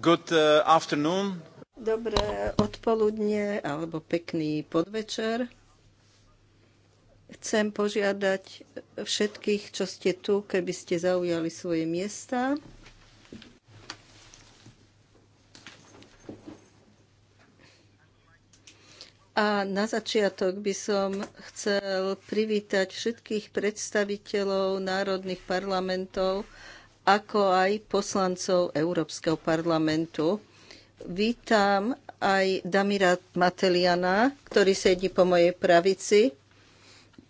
Good uh, afternoon. Dobré odpoludne alebo pekný podvečer. Chcem požiadať všetkých, čo ste tu, keby ste zaujali svoje miesta. A na začiatok by som chcel privítať všetkých predstaviteľov národných parlamentov, ako aj poslancov Európskeho parlamentu. Vítam aj Damira Mateliana, ktorý sedí po mojej pravici,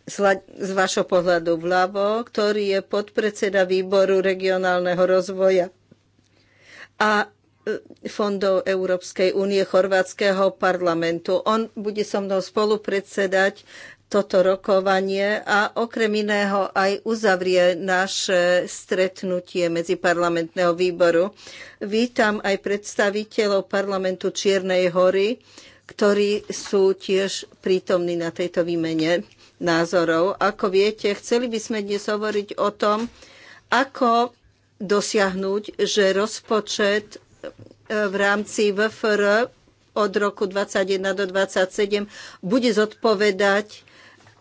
z vašho pohľadu vľavo, ktorý je podpredseda výboru regionálneho rozvoja a e, fondov Európskej únie Chorvátskeho parlamentu. On bude so mnou spolupredsedať toto rokovanie a okrem iného aj uzavrie naše stretnutie medziparlamentného výboru. Vítam aj predstaviteľov parlamentu Čiernej hory, ktorí sú tiež prítomní na tejto výmene názorov. Ako viete, chceli by sme dnes hovoriť o tom, ako dosiahnuť, že rozpočet e, v rámci VFR od roku 2021 do 2027 bude zodpovedať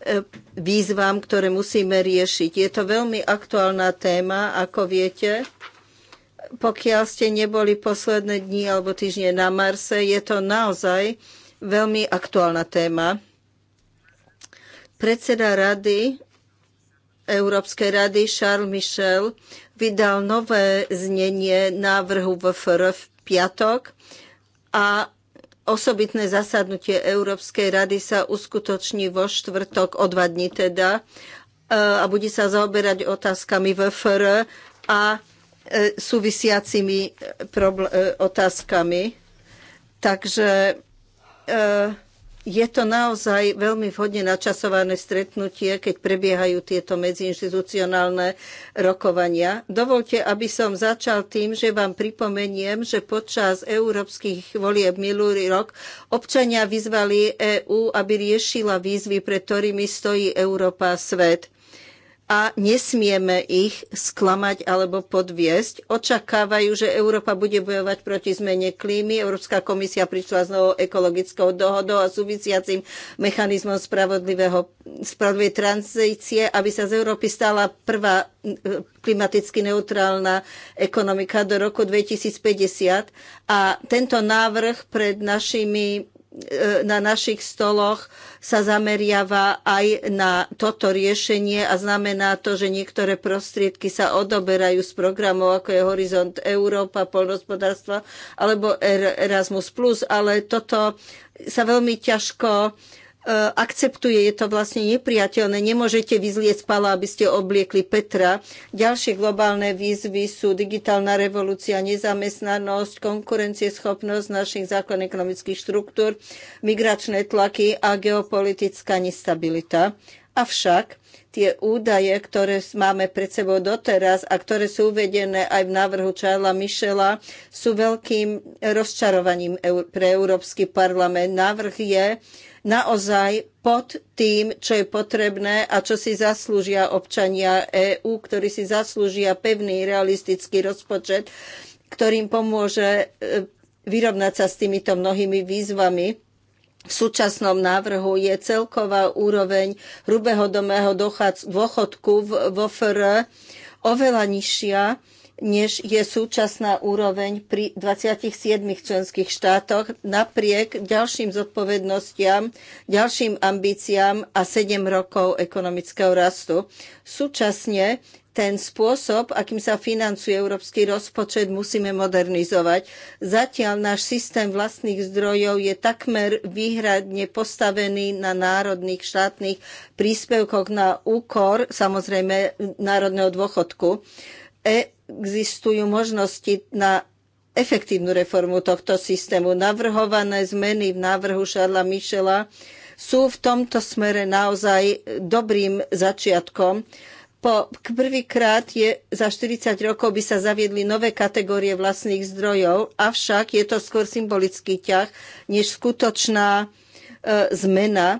E, výzvam, ktoré musíme riešiť. Je to veľmi aktuálna téma, ako viete. Pokiaľ ste neboli posledné dni alebo týždne na Marse, je to naozaj veľmi aktuálna téma. Predseda rady Európskej rady Charles Michel vydal nové znenie návrhu VFR v piatok a Osobitné zasadnutie Európskej rady sa uskutoční vo štvrtok o dva dní teda e, a bude sa zaoberať otázkami VFR a e, súvisiacimi e, otázkami. Takže je to naozaj veľmi vhodne načasované stretnutie, keď prebiehajú tieto medziinstitucionálne rokovania. Dovolte, aby som začal tým, že vám pripomeniem, že počas európskych volieb minulý rok občania vyzvali EÚ, aby riešila výzvy, pred ktorými stojí Európa a svet a nesmieme ich sklamať alebo podviesť. Očakávajú, že Európa bude bojovať proti zmene klímy. Európska komisia prišla s novou ekologickou dohodou a súvisiacim mechanizmom spravodlivého, spravodlivej tranzície, aby sa z Európy stala prvá eh, klimaticky neutrálna ekonomika do roku 2050. A tento návrh pred našimi E, na našich stoloch sa zameriava aj na toto riešenie a znamená to, že niektoré prostriedky sa odoberajú z programov, ako je Horizont Európa, polnospodárstva alebo e Erasmus+, ale toto sa veľmi ťažko E, akceptuje, je to vlastne nepriateľné. Nemôžete vyzlieť spala, aby ste obliekli Petra. Ďalšie globálne výzvy sú digitálna revolúcia, nezamestnanosť, konkurencieschopnosť našich základných ekonomických štruktúr, migračné tlaky a geopolitická nestabilita. Avšak tie údaje, ktoré máme pred sebou doteraz a ktoré sú uvedené aj v návrhu Charlesa Michela, sú veľkým rozčarovaním pre Európsky parlament. Návrh je, naozaj pod tým, čo je potrebné a čo si zaslúžia občania EÚ, ktorí si zaslúžia pevný, realistický rozpočet, ktorým pomôže e, vyrovnať sa s týmito mnohými výzvami. V súčasnom návrhu je celková úroveň hrubého domého dôchodku vo FR oveľa nižšia než je súčasná úroveň pri 27 členských štátoch napriek ďalším zodpovednostiam, ďalším ambíciám a 7 rokov ekonomického rastu. Súčasne ten spôsob, akým sa financuje európsky rozpočet, musíme modernizovať. Zatiaľ náš systém vlastných zdrojov je takmer výhradne postavený na národných štátnych príspevkoch na úkor, samozrejme, národného dôchodku existujú možnosti na efektívnu reformu tohto systému. Navrhované zmeny v návrhu Šarla Michela sú v tomto smere naozaj dobrým začiatkom. Po prvýkrát je za 40 rokov by sa zaviedli nové kategórie vlastných zdrojov, avšak je to skôr symbolický ťah než skutočná e, zmena.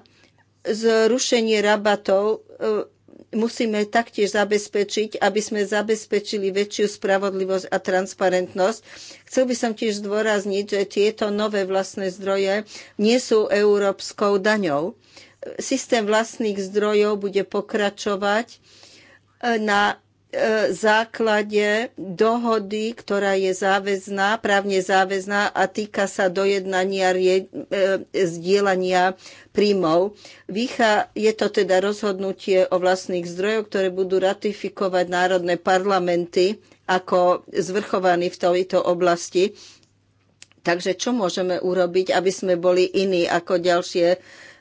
Zrušenie rabatov e, musíme taktiež zabezpečiť, aby sme zabezpečili väčšiu spravodlivosť a transparentnosť. Chcel by som tiež zdôrazniť, že tieto nové vlastné zdroje nie sú európskou daňou. Systém vlastných zdrojov bude pokračovať na základe dohody, ktorá je záväzná, právne záväzná a týka sa dojednania rie, e, zdieľania príjmov. Výcha, je to teda rozhodnutie o vlastných zdrojoch, ktoré budú ratifikovať národné parlamenty ako zvrchovaní v tejto oblasti. Takže čo môžeme urobiť, aby sme boli iní ako ďalšie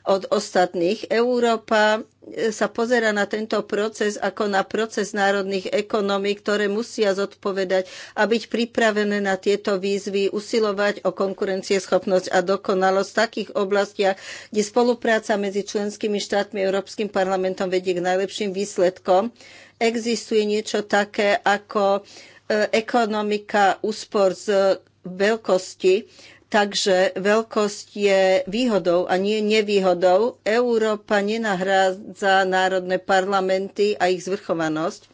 od ostatných. Európa e, sa pozera na tento proces ako na proces národných ekonomí, ktoré musia zodpovedať a byť pripravené na tieto výzvy, usilovať o konkurencieschopnosť a dokonalosť v takých oblastiach, kde spolupráca medzi členskými štátmi a Európskym parlamentom vedie k najlepším výsledkom. Existuje niečo také ako e, ekonomika úspor z veľkosti, Takže veľkosť je výhodou a nie nevýhodou. Európa nenahrádza národné parlamenty a ich zvrchovanosť.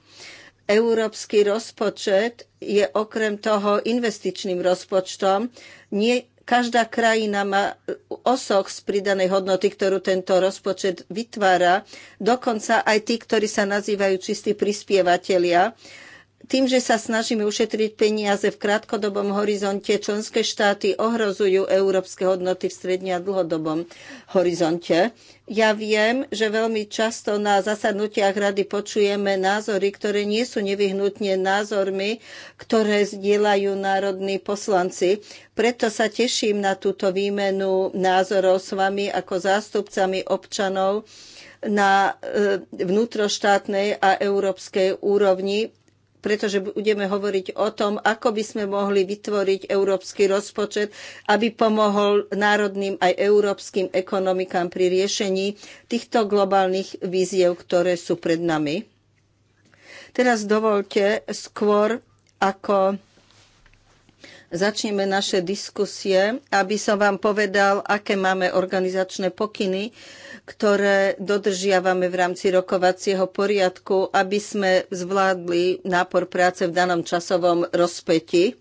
Európsky rozpočet je okrem toho investičným rozpočtom. Nie, každá krajina má osoch z pridanej hodnoty, ktorú tento rozpočet vytvára. Dokonca aj tí, ktorí sa nazývajú čistí prispievateľia tým, že sa snažíme ušetriť peniaze v krátkodobom horizonte, členské štáty ohrozujú európske hodnoty v stredne a dlhodobom horizonte. Ja viem, že veľmi často na zasadnutiach rady počujeme názory, ktoré nie sú nevyhnutne názormi, ktoré zdieľajú národní poslanci. Preto sa teším na túto výmenu názorov s vami ako zástupcami občanov na e, vnútroštátnej a európskej úrovni pretože budeme hovoriť o tom, ako by sme mohli vytvoriť európsky rozpočet, aby pomohol národným aj európskym ekonomikám pri riešení týchto globálnych víziev, ktoré sú pred nami. Teraz dovolte skôr, ako začneme naše diskusie, aby som vám povedal, aké máme organizačné pokyny, ktoré dodržiavame v rámci rokovacieho poriadku, aby sme zvládli nápor práce v danom časovom rozpeti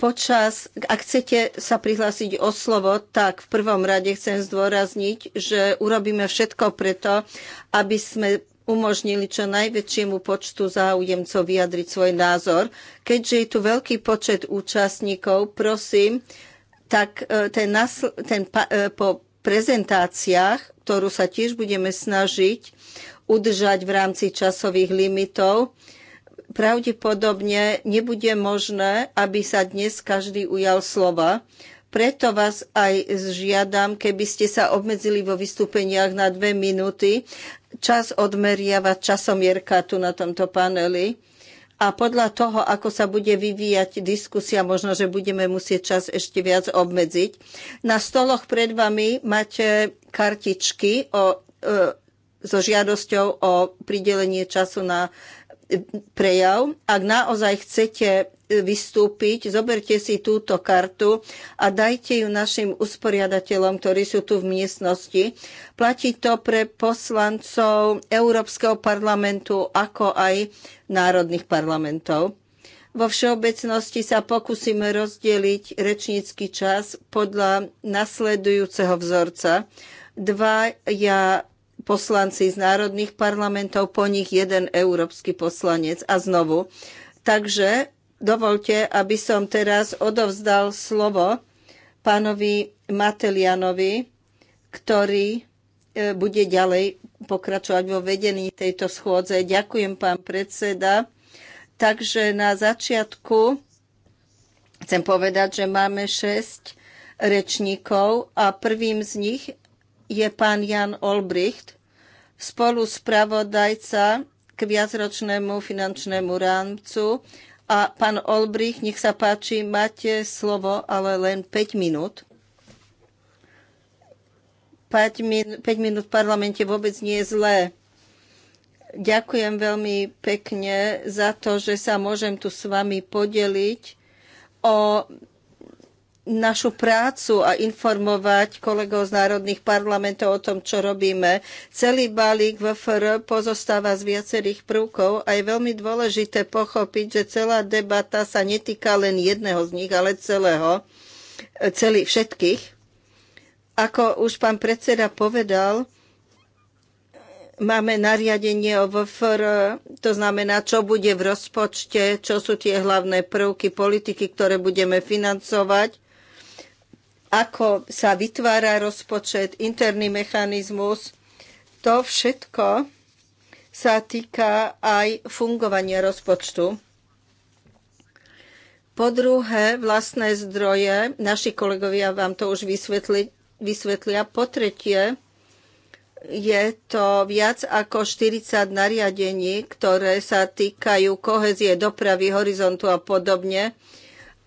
počas, ak chcete sa prihlásiť o slovo, tak v prvom rade chcem zdôrazniť, že urobíme všetko preto, aby sme umožnili čo najväčšiemu počtu záujemcov vyjadriť svoj názor. Keďže je tu veľký počet účastníkov, prosím, tak e, ten, nasl- ten e, po prezentáciách, ktorú sa tiež budeme snažiť udržať v rámci časových limitov, pravdepodobne nebude možné, aby sa dnes každý ujal slova. Preto vás aj žiadam, keby ste sa obmedzili vo vystúpeniach na dve minúty, čas odmeriavať časomierka tu na tomto paneli. A podľa toho, ako sa bude vyvíjať diskusia, možno, že budeme musieť čas ešte viac obmedziť. Na stoloch pred vami máte kartičky o, e, so žiadosťou o pridelenie času na prejav. Ak naozaj chcete vystúpiť, zoberte si túto kartu a dajte ju našim usporiadateľom, ktorí sú tu v miestnosti. Platí to pre poslancov Európskeho parlamentu ako aj národných parlamentov. Vo všeobecnosti sa pokúsime rozdeliť rečnícky čas podľa nasledujúceho vzorca. Dva ja poslanci z národných parlamentov, po nich jeden európsky poslanec a znovu. Takže Dovolte, aby som teraz odovzdal slovo pánovi Matelianovi, ktorý e, bude ďalej pokračovať vo vedení tejto schôdze. Ďakujem, pán predseda. Takže na začiatku chcem povedať, že máme šesť rečníkov a prvým z nich je pán Jan Olbricht, spolu spravodajca k viacročnému finančnému rámcu a pán Olbrich, nech sa páči, máte slovo, ale len 5 minút. 5, min- 5 minút v parlamente vôbec nie je zlé. Ďakujem veľmi pekne za to, že sa môžem tu s vami podeliť o našu prácu a informovať kolegov z národných parlamentov o tom, čo robíme. Celý balík VFR pozostáva z viacerých prvkov a je veľmi dôležité pochopiť, že celá debata sa netýka len jedného z nich, ale celého, celých všetkých. Ako už pán predseda povedal, máme nariadenie o VFR, to znamená, čo bude v rozpočte, čo sú tie hlavné prvky politiky, ktoré budeme financovať ako sa vytvára rozpočet, interný mechanizmus. To všetko sa týka aj fungovania rozpočtu. Po druhé, vlastné zdroje, naši kolegovia vám to už vysvetli, vysvetlia. Po tretie, je to viac ako 40 nariadení, ktoré sa týkajú kohezie, dopravy, horizontu a podobne.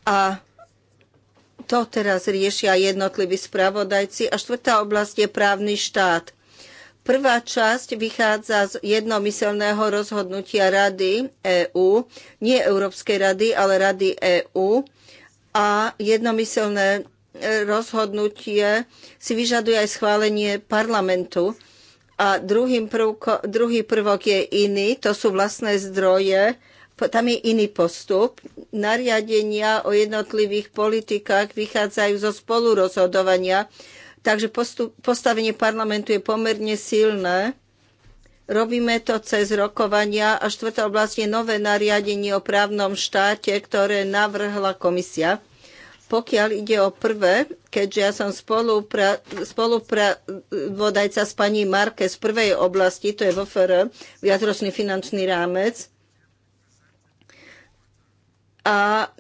A to teraz riešia jednotliví spravodajci. A štvrtá oblasť je právny štát. Prvá časť vychádza z jednomyselného rozhodnutia Rady EÚ, EU, nie Európskej rady, ale Rady EÚ. A jednomyselné e, rozhodnutie si vyžaduje aj schválenie parlamentu. A druhý prvok je iný, to sú vlastné zdroje, tam je iný postup. Nariadenia o jednotlivých politikách vychádzajú zo spolurozhodovania, takže postup, postavenie parlamentu je pomerne silné. Robíme to cez rokovania a štvrtá oblasť je nové nariadenie o právnom štáte, ktoré navrhla komisia. Pokiaľ ide o prvé, keďže ja som spolupra, s pani Marke z prvej oblasti, to je VFR, viacročný finančný rámec, a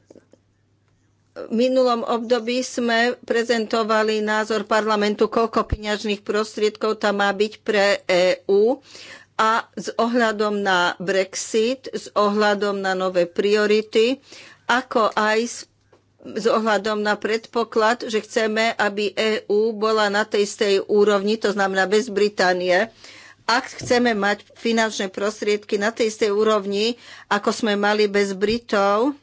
v minulom období sme prezentovali názor parlamentu, koľko peňažných prostriedkov tam má byť pre EÚ a s ohľadom na Brexit, s ohľadom na nové priority, ako aj s, s ohľadom na predpoklad, že chceme, aby EÚ bola na tej istej úrovni, to znamená bez Británie, ak chceme mať finančné prostriedky na tej istej úrovni, ako sme mali bez Britov,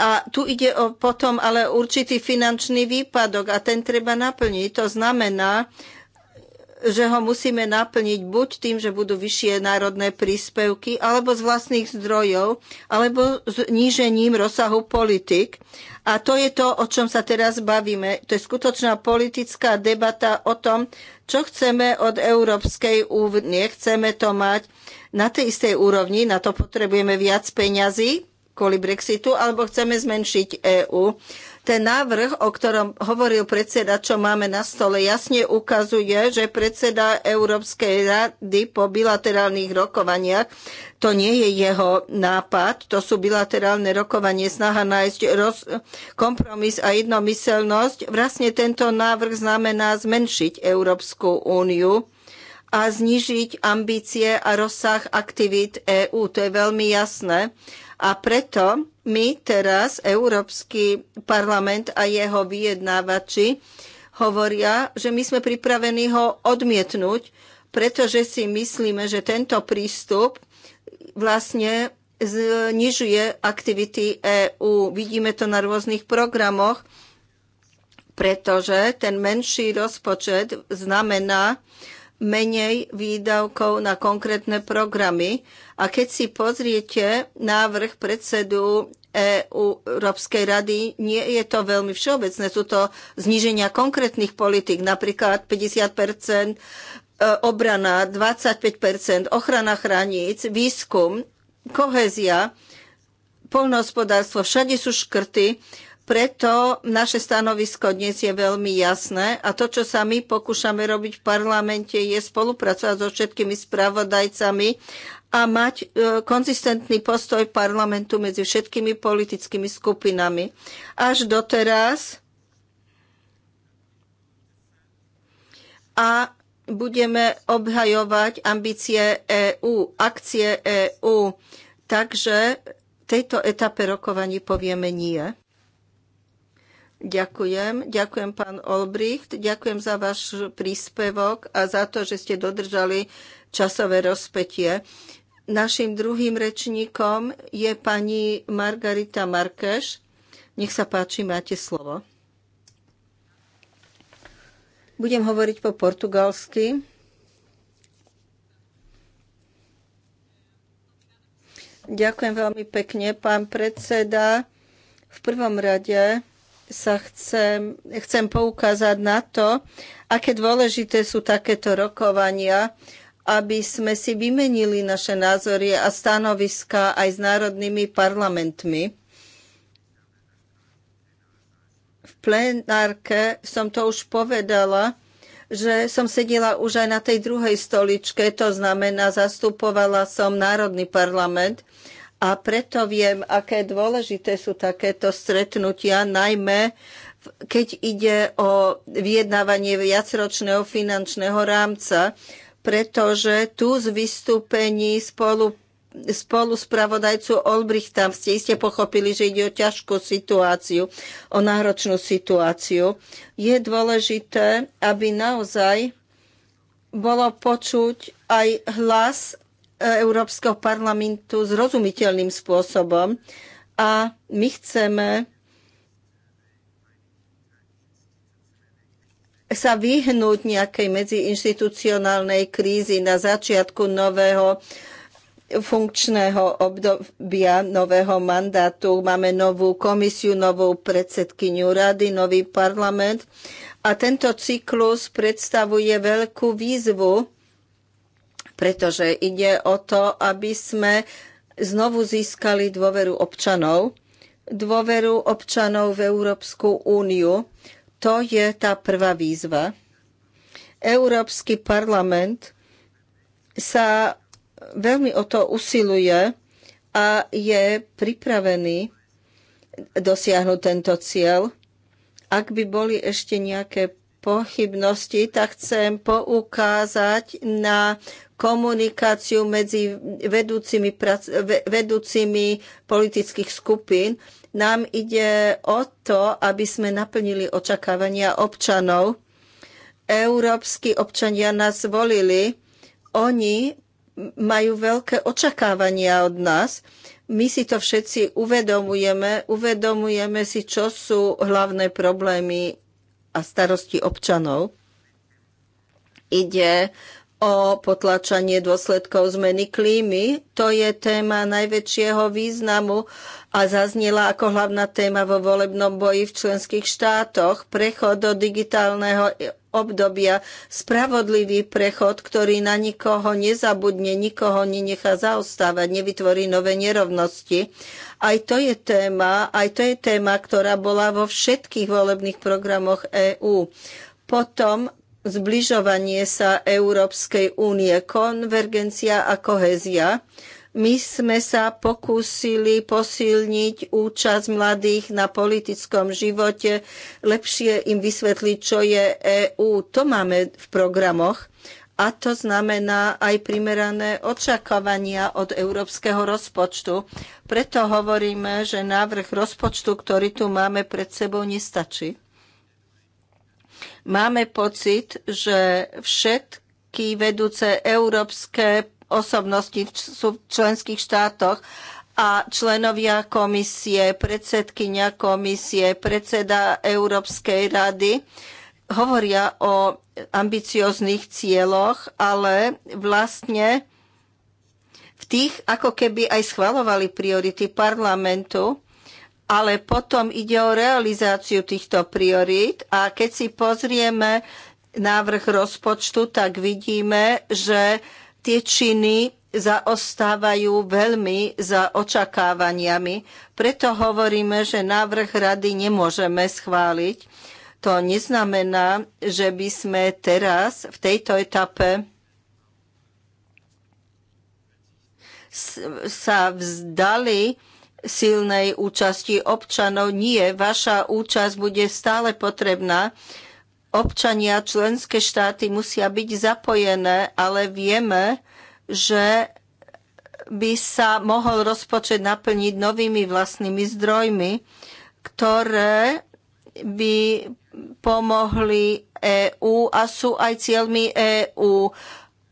A tu ide o potom ale určitý finančný výpadok a ten treba naplniť. To znamená, že ho musíme naplniť buď tým, že budú vyššie národné príspevky, alebo z vlastných zdrojov, alebo znížením rozsahu politik. A to je to, o čom sa teraz bavíme. To je skutočná politická debata o tom, čo chceme od Európskej únie. Chceme to mať na tej istej úrovni, na to potrebujeme viac peňazí, kvôli Brexitu, alebo chceme zmenšiť EÚ. Ten návrh, o ktorom hovoril predseda, čo máme na stole, jasne ukazuje, že predseda Európskej rady po bilaterálnych rokovaniach, to nie je jeho nápad, to sú bilaterálne rokovanie, snaha nájsť roz, kompromis a jednomyselnosť. Vlastne tento návrh znamená zmenšiť Európsku úniu a znížiť ambície a rozsah aktivít EÚ. To je veľmi jasné. A preto my teraz, Európsky parlament a jeho vyjednávači, hovoria, že my sme pripravení ho odmietnúť, pretože si myslíme, že tento prístup vlastne znižuje aktivity EÚ. Vidíme to na rôznych programoch, pretože ten menší rozpočet znamená, menej výdavkov na konkrétne programy. A keď si pozriete návrh predsedu EU, Európskej rady, nie je to veľmi všeobecné. Sú to zníženia konkrétnych politik, napríklad 50 e, obrana, 25 ochrana hraníc, výskum, kohézia, poľnohospodárstvo, všade sú škrty preto naše stanovisko dnes je veľmi jasné a to, čo sa my pokúšame robiť v parlamente, je spolupracovať so všetkými spravodajcami a mať e, konzistentný postoj parlamentu medzi všetkými politickými skupinami. Až doteraz a budeme obhajovať ambície EÚ, akcie EÚ. Takže tejto etape rokovaní povieme nie. Ďakujem. Ďakujem, pán Olbricht. Ďakujem za váš príspevok a za to, že ste dodržali časové rozpetie. Našim druhým rečníkom je pani Margarita Markeš. Nech sa páči, máte slovo. Budem hovoriť po portugalsky. Ďakujem veľmi pekne, pán predseda. V prvom rade sa chcem, chcem poukázať na to, aké dôležité sú takéto rokovania, aby sme si vymenili naše názory a stanoviska aj s národnými parlamentmi. V plenárke som to už povedala, že som sedela už aj na tej druhej stoličke, to znamená, zastupovala som Národný parlament a preto viem, aké dôležité sú takéto stretnutia, najmä keď ide o vyjednávanie viacročného finančného rámca, pretože tu z vystúpení spolu spolu spravodajcu tam ste iste pochopili, že ide o ťažkú situáciu, o náročnú situáciu. Je dôležité, aby naozaj bolo počuť aj hlas Európskeho parlamentu zrozumiteľným spôsobom. A my chceme sa vyhnúť nejakej medziinstitucionálnej krízy na začiatku nového funkčného obdobia, nového mandátu. Máme novú komisiu, novú predsedkyňu rady, nový parlament. A tento cyklus predstavuje veľkú výzvu pretože ide o to, aby sme znovu získali dôveru občanov, dôveru občanov v Európsku úniu. To je tá prvá výzva. Európsky parlament sa veľmi o to usiluje a je pripravený dosiahnuť tento cieľ. Ak by boli ešte nejaké pochybnosti, tak chcem poukázať na komunikáciu medzi vedúcimi, vedúcimi politických skupín. Nám ide o to, aby sme naplnili očakávania občanov. Európsky občania nás volili. Oni majú veľké očakávania od nás. My si to všetci uvedomujeme, uvedomujeme si, čo sú hlavné problémy a starosti občanov. Ide o potlačanie dôsledkov zmeny klímy. To je téma najväčšieho významu a zaznela ako hlavná téma vo volebnom boji v členských štátoch. Prechod do digitálneho obdobia, spravodlivý prechod, ktorý na nikoho nezabudne, nikoho nenechá zaostávať, nevytvorí nové nerovnosti. Aj to je téma, aj to je téma, ktorá bola vo všetkých volebných programoch EÚ. Potom zbližovanie sa Európskej únie, konvergencia a kohézia. My sme sa pokúsili posilniť účasť mladých na politickom živote, lepšie im vysvetliť, čo je EÚ. To máme v programoch a to znamená aj primerané očakávania od európskeho rozpočtu. Preto hovoríme, že návrh rozpočtu, ktorý tu máme pred sebou, nestačí. Máme pocit, že všetky vedúce európske osobnosti sú v členských štátoch a členovia komisie, predsedkynia komisie, predseda Európskej rady hovoria o ambicióznych cieľoch, ale vlastne v tých ako keby aj schvalovali priority parlamentu ale potom ide o realizáciu týchto priorít a keď si pozrieme návrh rozpočtu, tak vidíme, že tie činy zaostávajú veľmi za očakávaniami. Preto hovoríme, že návrh rady nemôžeme schváliť. To neznamená, že by sme teraz v tejto etape sa vzdali silnej účasti občanov. Nie, vaša účasť bude stále potrebná. Občania, členské štáty musia byť zapojené, ale vieme, že by sa mohol rozpočet naplniť novými vlastnými zdrojmi, ktoré by pomohli EÚ a sú aj cieľmi EÚ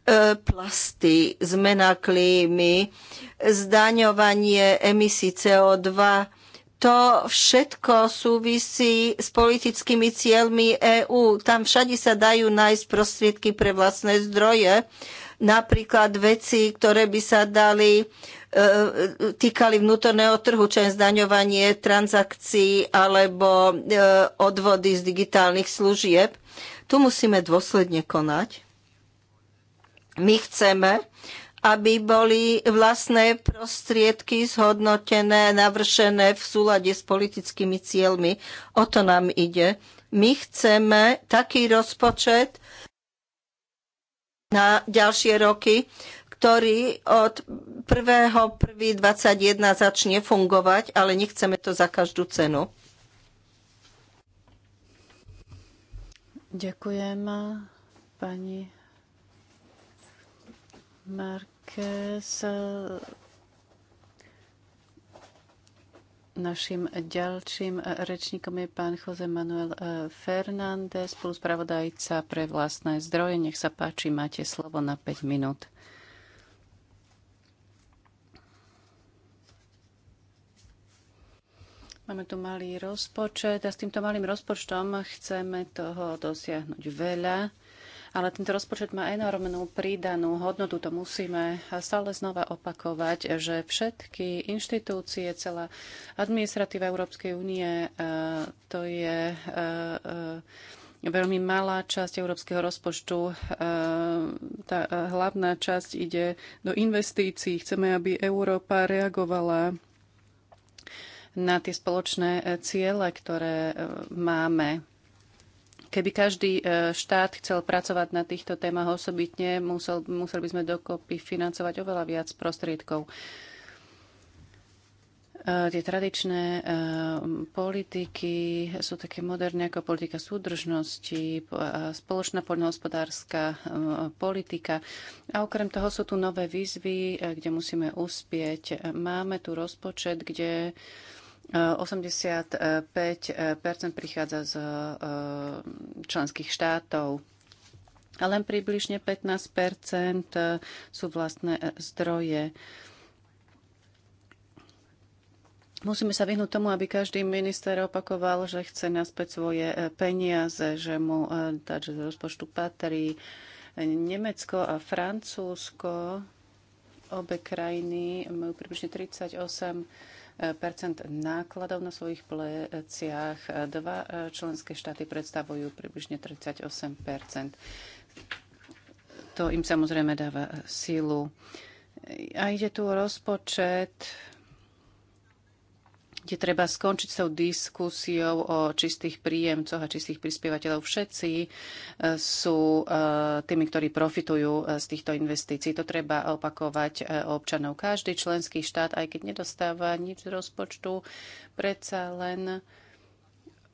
E, plasty, zmena klímy, zdaňovanie emisí CO2. To všetko súvisí s politickými cieľmi EÚ. Tam všade sa dajú nájsť prostriedky pre vlastné zdroje, napríklad veci, ktoré by sa dali e, týkali vnútorného trhu, čo je zdaňovanie transakcií alebo e, odvody z digitálnych služieb. Tu musíme dôsledne konať my chceme, aby boli vlastné prostriedky zhodnotené, navršené v súlade s politickými cieľmi. O to nám ide. My chceme taký rozpočet na ďalšie roky, ktorý od 1.1.21 začne fungovať, ale nechceme to za každú cenu. Ďakujem, pani Marquez e, Našim ďalším rečníkom je pán Jose Manuel e, Fernández, spoluspravodajca pre vlastné zdroje. Nech sa páči, máte slovo na 5 minút. Máme tu malý rozpočet a s týmto malým rozpočtom chceme toho dosiahnuť veľa ale tento rozpočet má enormnú prídanú hodnotu. To musíme stále znova opakovať, že všetky inštitúcie, celá administratíva Európskej únie, e, to je e, e, veľmi malá časť európskeho rozpočtu. Tá hlavná časť ide do investícií. Chceme, aby Európa reagovala na tie spoločné ciele, ktoré máme. Keby každý e, štát chcel pracovať na týchto témach osobitne, musel, museli by sme dokopy financovať oveľa viac prostriedkov e, tie tradičné e, politiky sú také moderné ako politika súdržnosti, spoločná poľnohospodárska politika. A okrem toho sú tu nové výzvy, kde musíme uspieť. Máme tu rozpočet, kde 85 prichádza z eh, členských štátov a len približne 15 eh, sú vlastné eh, zdroje. Musíme sa vyhnúť tomu, aby každý minister opakoval, že chce naspäť svoje peniaze, že mu takže z rozpočtu patrí. Nemecko a Francúzsko, obe krajiny majú približne 38 Percent nákladov na svojich pleciach. Dva e, členské štáty predstavujú približne 38 To im samozrejme dáva sílu. A ide tu o rozpočet kde treba skončiť s tou diskusiou o čistých príjemcoch a čistých prispievateľov. Všetci e, sú e, tými, ktorí profitujú e, z týchto investícií. To treba opakovať občanov. Každý členský štát, aj keď nedostáva nič z rozpočtu, predsa len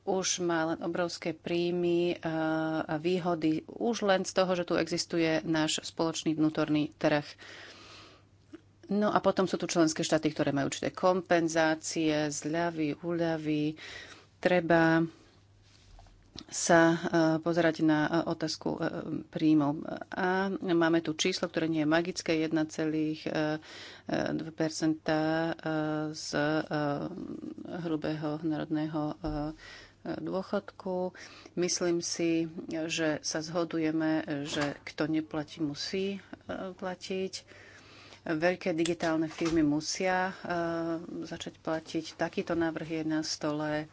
už má len obrovské príjmy a výhody už len z toho, že tu existuje náš spoločný vnútorný trh. No a potom sú tu členské štáty, ktoré majú určité kompenzácie, zľavy, úľavy. Treba sa e, pozerať na e, otázku e, príjmov. A máme tu číslo, ktoré nie je magické, 1,2 z hrubého národného dôchodku. Myslím si, že sa zhodujeme, že kto neplatí, musí platiť. Veľké digitálne firmy musia e, začať platiť. Takýto návrh je na stole.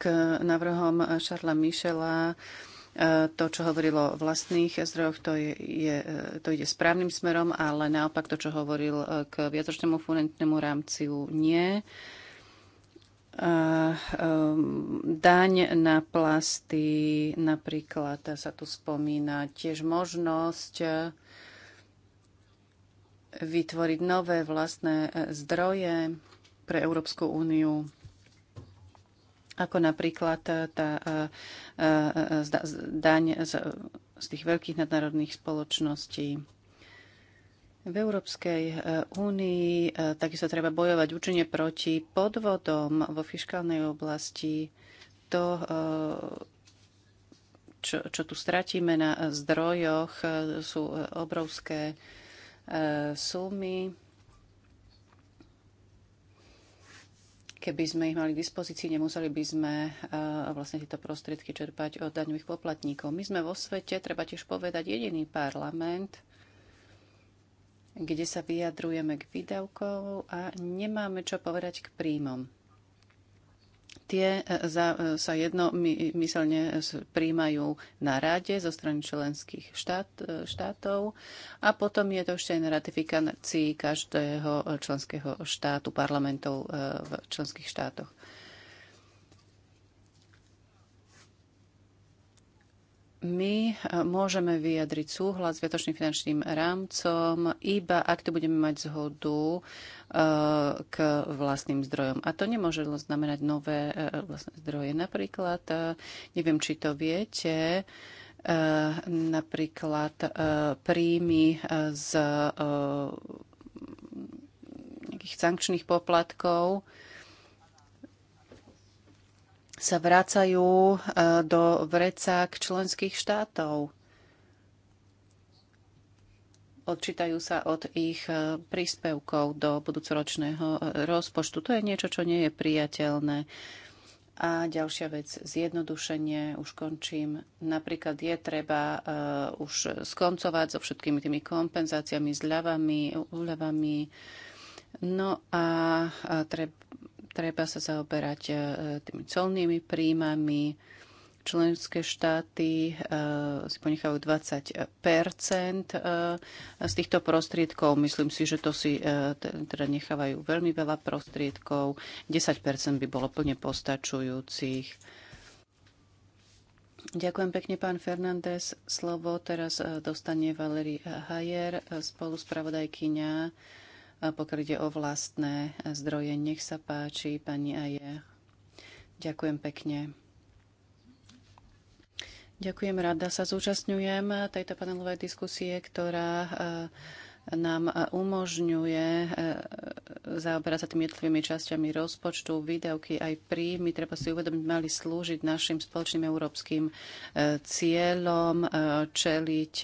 K návrhom Šarla Michela e, to, čo hovorilo o vlastných zdrojoch, to, je, je, e, to ide správnym smerom, ale naopak to, čo hovoril k viacročnému funentnému rámciu, nie. Uh, Um, daň na plasty napríklad sa tu spomína tiež možnosť e, vytvoriť nové vlastné e, zdroje pre Európsku úniu, ako napríklad e, tá daň z tých veľkých nadnárodných spoločností. V Európskej e, únii e, takisto treba bojovať účinne proti podvodom vo fiskálnej oblasti. To, e, čo, čo tu stratíme na zdrojoch, sú obrovské sumy. Keby sme ich mali k dispozícii, nemuseli by sme vlastne tieto prostriedky čerpať od daňových poplatníkov. My sme vo svete, treba tiež povedať, jediný parlament, kde sa vyjadrujeme k výdavkov a nemáme čo povedať k príjmom. Tie e, za, e, sa jednomyselne príjmajú na rade zo strany členských štát, e, štátov a potom je to ešte aj na ratifikácii každého členského štátu, parlamentov v členských štátoch. my e, môžeme vyjadriť súhlas s viatočným finančným rámcom, iba ak tu budeme mať zhodu e, k vlastným zdrojom. A to nemôže znamenať nové e, vlastné zdroje. Napríklad, neviem, či to viete, napríklad príjmy z nejakých sankčných poplatkov, sa vracajú e, do k členských štátov. Odčítajú sa od ich e, príspevkov do budúcoročného e, rozpočtu. To je niečo, čo nie je priateľné. A ďalšia vec, zjednodušenie, už končím. Napríklad je treba uh, už skoncovať so všetkými tými kompenzáciami, zľavami, úľavami. No a, a treba treba sa zaoberať e, tými colnými príjmami. Členské štáty e, si ponechajú 20 e, z týchto prostriedkov. Myslím si, že to si teda nechávajú veľmi veľa prostriedkov. 10 by bolo plne postačujúcich. Ďakujem pekne, pán Fernández. Slovo teraz dostane Valery Hajer, spoluspravodajkyňa pokiaľ ide o vlastné zdroje. Nech sa páči, pani Aje. Ďakujem pekne. Ďakujem, rada sa zúčastňujem tejto panelovej diskusie, ktorá nám e, umožňuje e, zaoberať sa tými jednotlivými časťami rozpočtu, výdavky aj príjmy. Treba si uvedomiť, mali slúžiť našim spoločným európskym e, cieľom, čeliť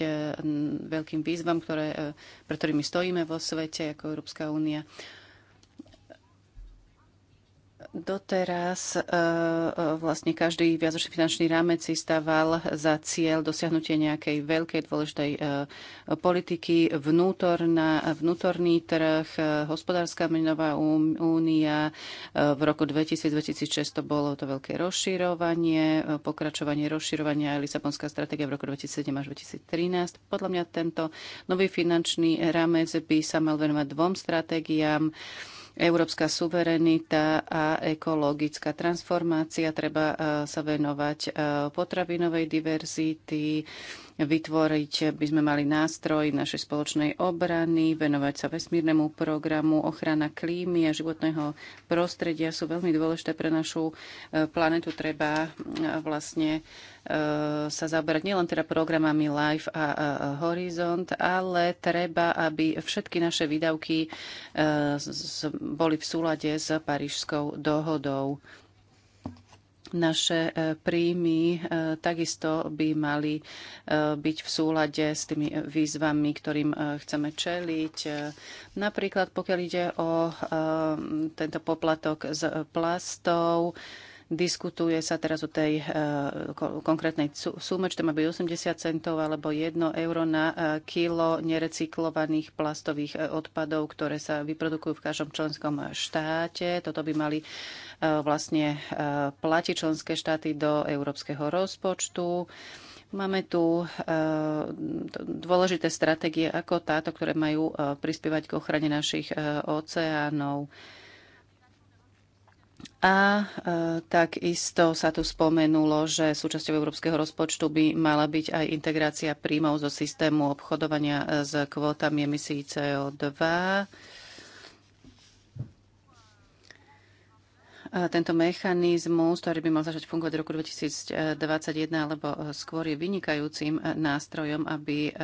veľkým výzvam, ktoré, pre ktorými stojíme vo svete ako Európska únia. Doteraz e, e, vlastne každý viacročný finančný rámec si stával za cieľ dosiahnutie nejakej veľkej dôležitej e, politiky, vnútorná, vnútorný trh, hospodárska menová únia. V roku 2000-2006 to bolo to veľké rozširovanie, pokračovanie rozširovania aj Lisabonská stratégia v roku 2007 až 2013. Podľa mňa tento nový finančný rámec by sa mal venovať dvom stratégiám Európska suverenita a ekologická transformácia. Treba e, sa venovať e, potravinovej diverzity, Vytvoriť by sme mali nástroj našej spoločnej obrany, venovať sa vesmírnemu programu. Ochrana klímy a životného prostredia sú veľmi dôležité pre našu e, planetu. Treba e, vlastne e, sa zaoberať nielen teda programami Life a Horizont, ale treba, aby všetky naše výdavky boli v súlade s Parížskou dohodou naše e, príjmy e, takisto by mali e, byť v súlade s tými výzvami, ktorým chceme čeliť. Napríklad pokiaľ ide o tento poplatok z plastov, Diskutuje sa teraz o tej e, konkrétnej sume, či to má byť 80 centov alebo 1 euro na e, kilo nerecyklovaných plastových e, odpadov, ktoré sa vyprodukujú v každom členskom štáte. Toto by mali vlastne platiť členské štáty do európskeho rozpočtu. Máme tu dôležité stratégie ako táto, ktoré majú prispievať k ochrane našich oceánov. A e, takisto sa tu spomenulo, že súčasťou európskeho rozpočtu by mala byť aj integrácia príjmov zo systému obchodovania e, s kvótami emisí CO2. A tento mechanizmus, ktorý by mal začať fungovať v roku 2021 alebo e, skôr je vynikajúcim e, nástrojom, aby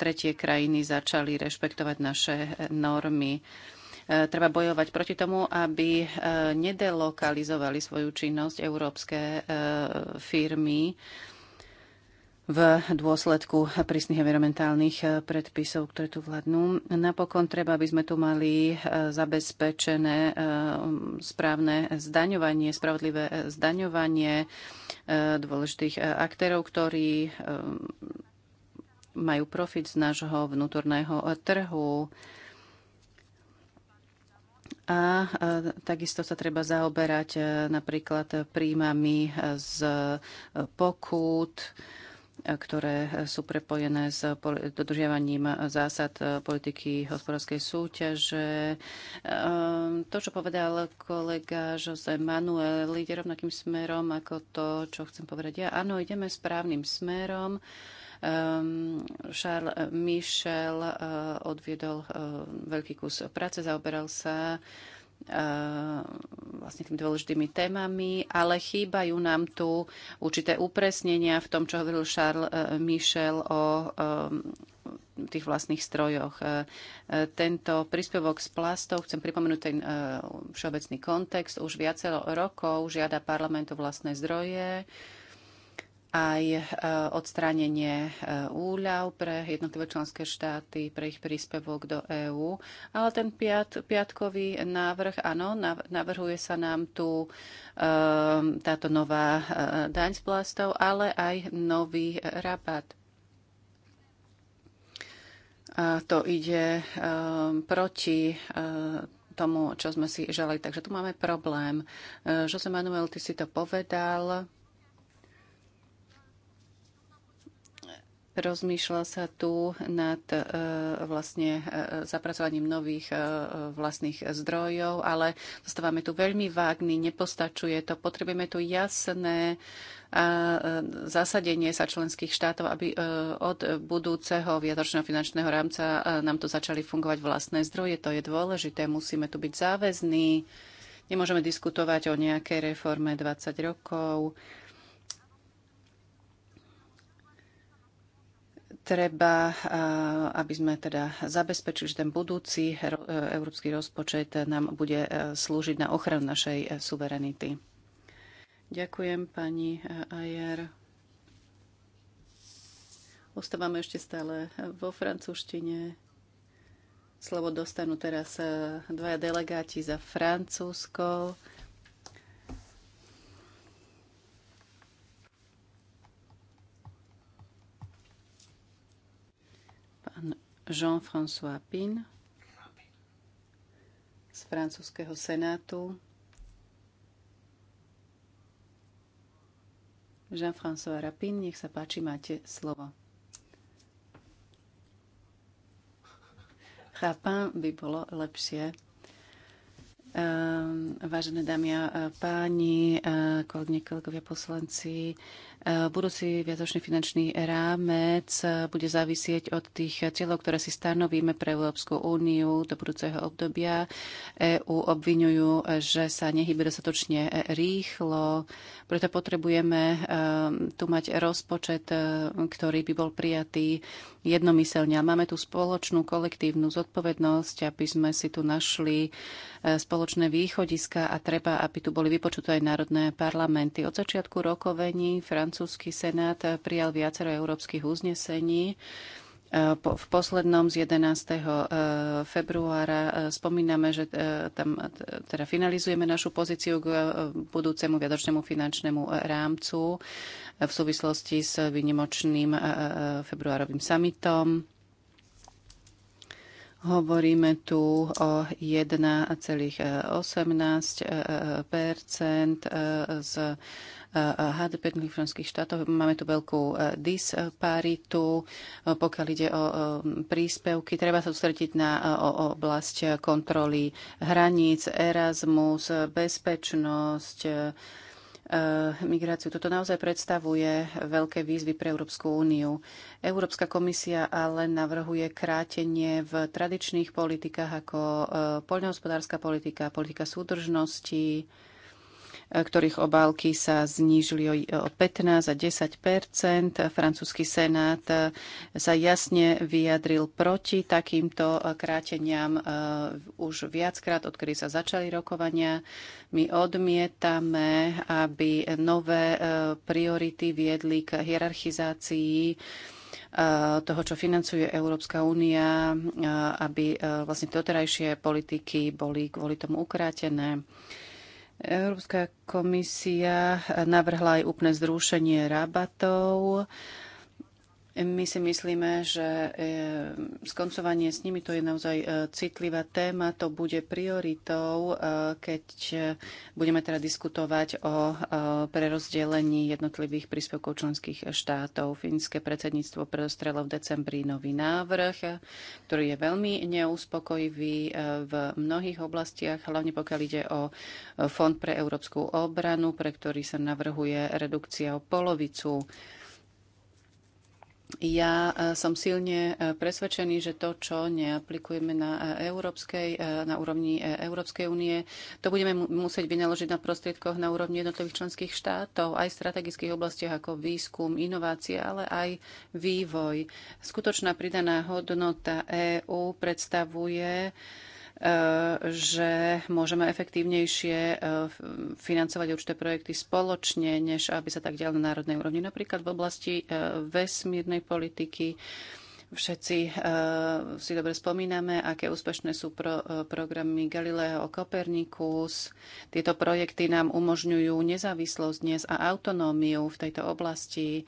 tretie krajiny začali rešpektovať naše normy. E, treba bojovať proti tomu, aby e, nedelokalizovali svoju činnosť európske e, firmy v dôsledku prísnych environmentálnych predpisov, ktoré tu vládnu. Napokon treba, aby sme tu mali zabezpečené správne zdaňovanie, spravodlivé zdaňovanie dôležitých aktérov, ktorí majú profit z nášho vnútorného trhu a takisto sa treba zaoberať e, napríklad príjmami z e, pokút, e, ktoré sú prepojené s dodržiavaním zásad politiky hospodárskej súťaže. Ehm, to, čo povedal kolega Jose Manuel, ide rovnakým smerom ako to, čo chcem povedať ja. Áno, ideme správnym smerom Ehm, Charles eh, Michel eh, odviedol eh, veľký kus práce, zaoberal sa vlastne tými dôležitými témami, ale chýbajú nám tu určité upresnenia v tom, čo hovoril Charles Michel o ehm, tých vlastných strojoch. Tento príspevok z plastov, chcem pripomenúť ten všeobecný kontext, už viacero rokov žiada parlamentu vlastné zdroje, aj e, odstránenie e, úľav pre jednotlivé členské štáty, pre ich príspevok do EÚ. Ale ten piat, piatkový návrh, áno, navrhuje sa nám tu e, táto nová daň z plastov, ale aj nový rabat. A to ide proti tomu, čo sme si želali. Takže tu máme problém. Jose Manuel, ty si to povedal Rozmýšľa sa tu nad e, vlastne e, zapracovaním nových e, vlastných zdrojov, ale zostávame tu veľmi vágny, nepostačuje to. Potrebujeme tu jasné zasadenie sa členských štátov, aby od budúceho viatočného finančného rámca nám tu začali fungovať vlastné zdroje. To je dôležité, musíme tu byť záväzní. Nemôžeme diskutovať o nejakej reforme 20 rokov treba, eh, aby sme teda zabezpečili, že ten budúci eh, európsky rozpočet nám bude eh, slúžiť na ochranu našej suverenity. Ďakujem pani Ajer. Ostávame ešte stále vo francúzštine. Slovo dostanú teraz dvaja delegáti za Francúzsko. Jean-François Pin z francúzského senátu. Jean-François Rapin, nech sa páči, máte slovo. Chápam, by bolo lepšie. Ehm, vážené dámy a páni, eh, kolegyne, kolegovia poslanci, Eh, budúci viacočný finančný rámec eh, bude závisieť od tých cieľov, ktoré si stanovíme pre Európsku úniu do budúceho obdobia. EU obvinujú, eh, že sa nehybe dostatočne rýchlo, preto potrebujeme tu mať rozpočet, ktorý by bol prijatý jednomyselne. A máme tu spoločnú kolektívnu zodpovednosť, aby sme si tu našli spoločné východiska a treba, aby tu boli vypočuté aj národné parlamenty. Od začiatku rokovení Fran francúzsky senát prijal viacero európskych uznesení. E, v poslednom z 11. E, februára e, spomíname, že tam teda finalizujeme našu pozíciu k budúcemu viadočnému finančnému rámcu v súvislosti s vynimočným februárovým summitom. Hovoríme tu o 1,18 z HDP v členských štátoch. Máme tu veľkú e, disparitu, e, pokiaľ ide o e, príspevky. Treba sa sústrediť na oblasť kontroly hraníc, Erasmus, bezpečnosť, migráciu. Toto naozaj predstavuje veľké výzvy pre Európsku úniu. Európska komisia ale navrhuje krátenie v tradičných politikách ako poľnohospodárska politika, politika súdržnosti, ktorých obálky sa znížili o 15 a 10 Francúzsky senát e, sa jasne vyjadril proti takýmto kráteniam e, už viackrát, odkedy sa začali rokovania. My odmietame, aby nové e, priority viedli k hierarchizácii toho, čo financuje Európska únia, aby vlastne doterajšie politiky boli kvôli tomu ukrátené. Európska komisia navrhla aj úplné zrušenie rabatov my si myslíme, že e, skoncovanie s nimi to je naozaj e, citlivá téma, to bude prioritou, e, keď budeme teda diskutovať o prerozdelení jednotlivých príspevkov členských štátov. Fínske predsedníctvo predostrelo v decembri nový návrh, ktorý je veľmi neuspokojivý v mnohých oblastiach, hlavne pokiaľ ide o Fond pre európsku obranu, pre ktorý sa navrhuje redukcia o polovicu ja e, som silne e, presvedčený, že to, čo neaplikujeme na, e, európskej, na úrovni Európskej únie, to budeme musieť vynaložiť na prostriedkoch na úrovni jednotlivých členských štátov, aj v strategických oblastiach ako výskum, inovácie, ale aj vývoj. Skutočná pridaná hodnota EÚ predstavuje E, že môžeme efektívnejšie e, financovať určité projekty spoločne, než aby sa tak dialo na národnej úrovni. Napríklad v oblasti e, vesmírnej politiky všetci si dobre spomíname, aké úspešné sú pro, programy Galileo Copernicus. Tieto projekty nám umožňujú nezávislosť dnes a autonómiu v tejto oblasti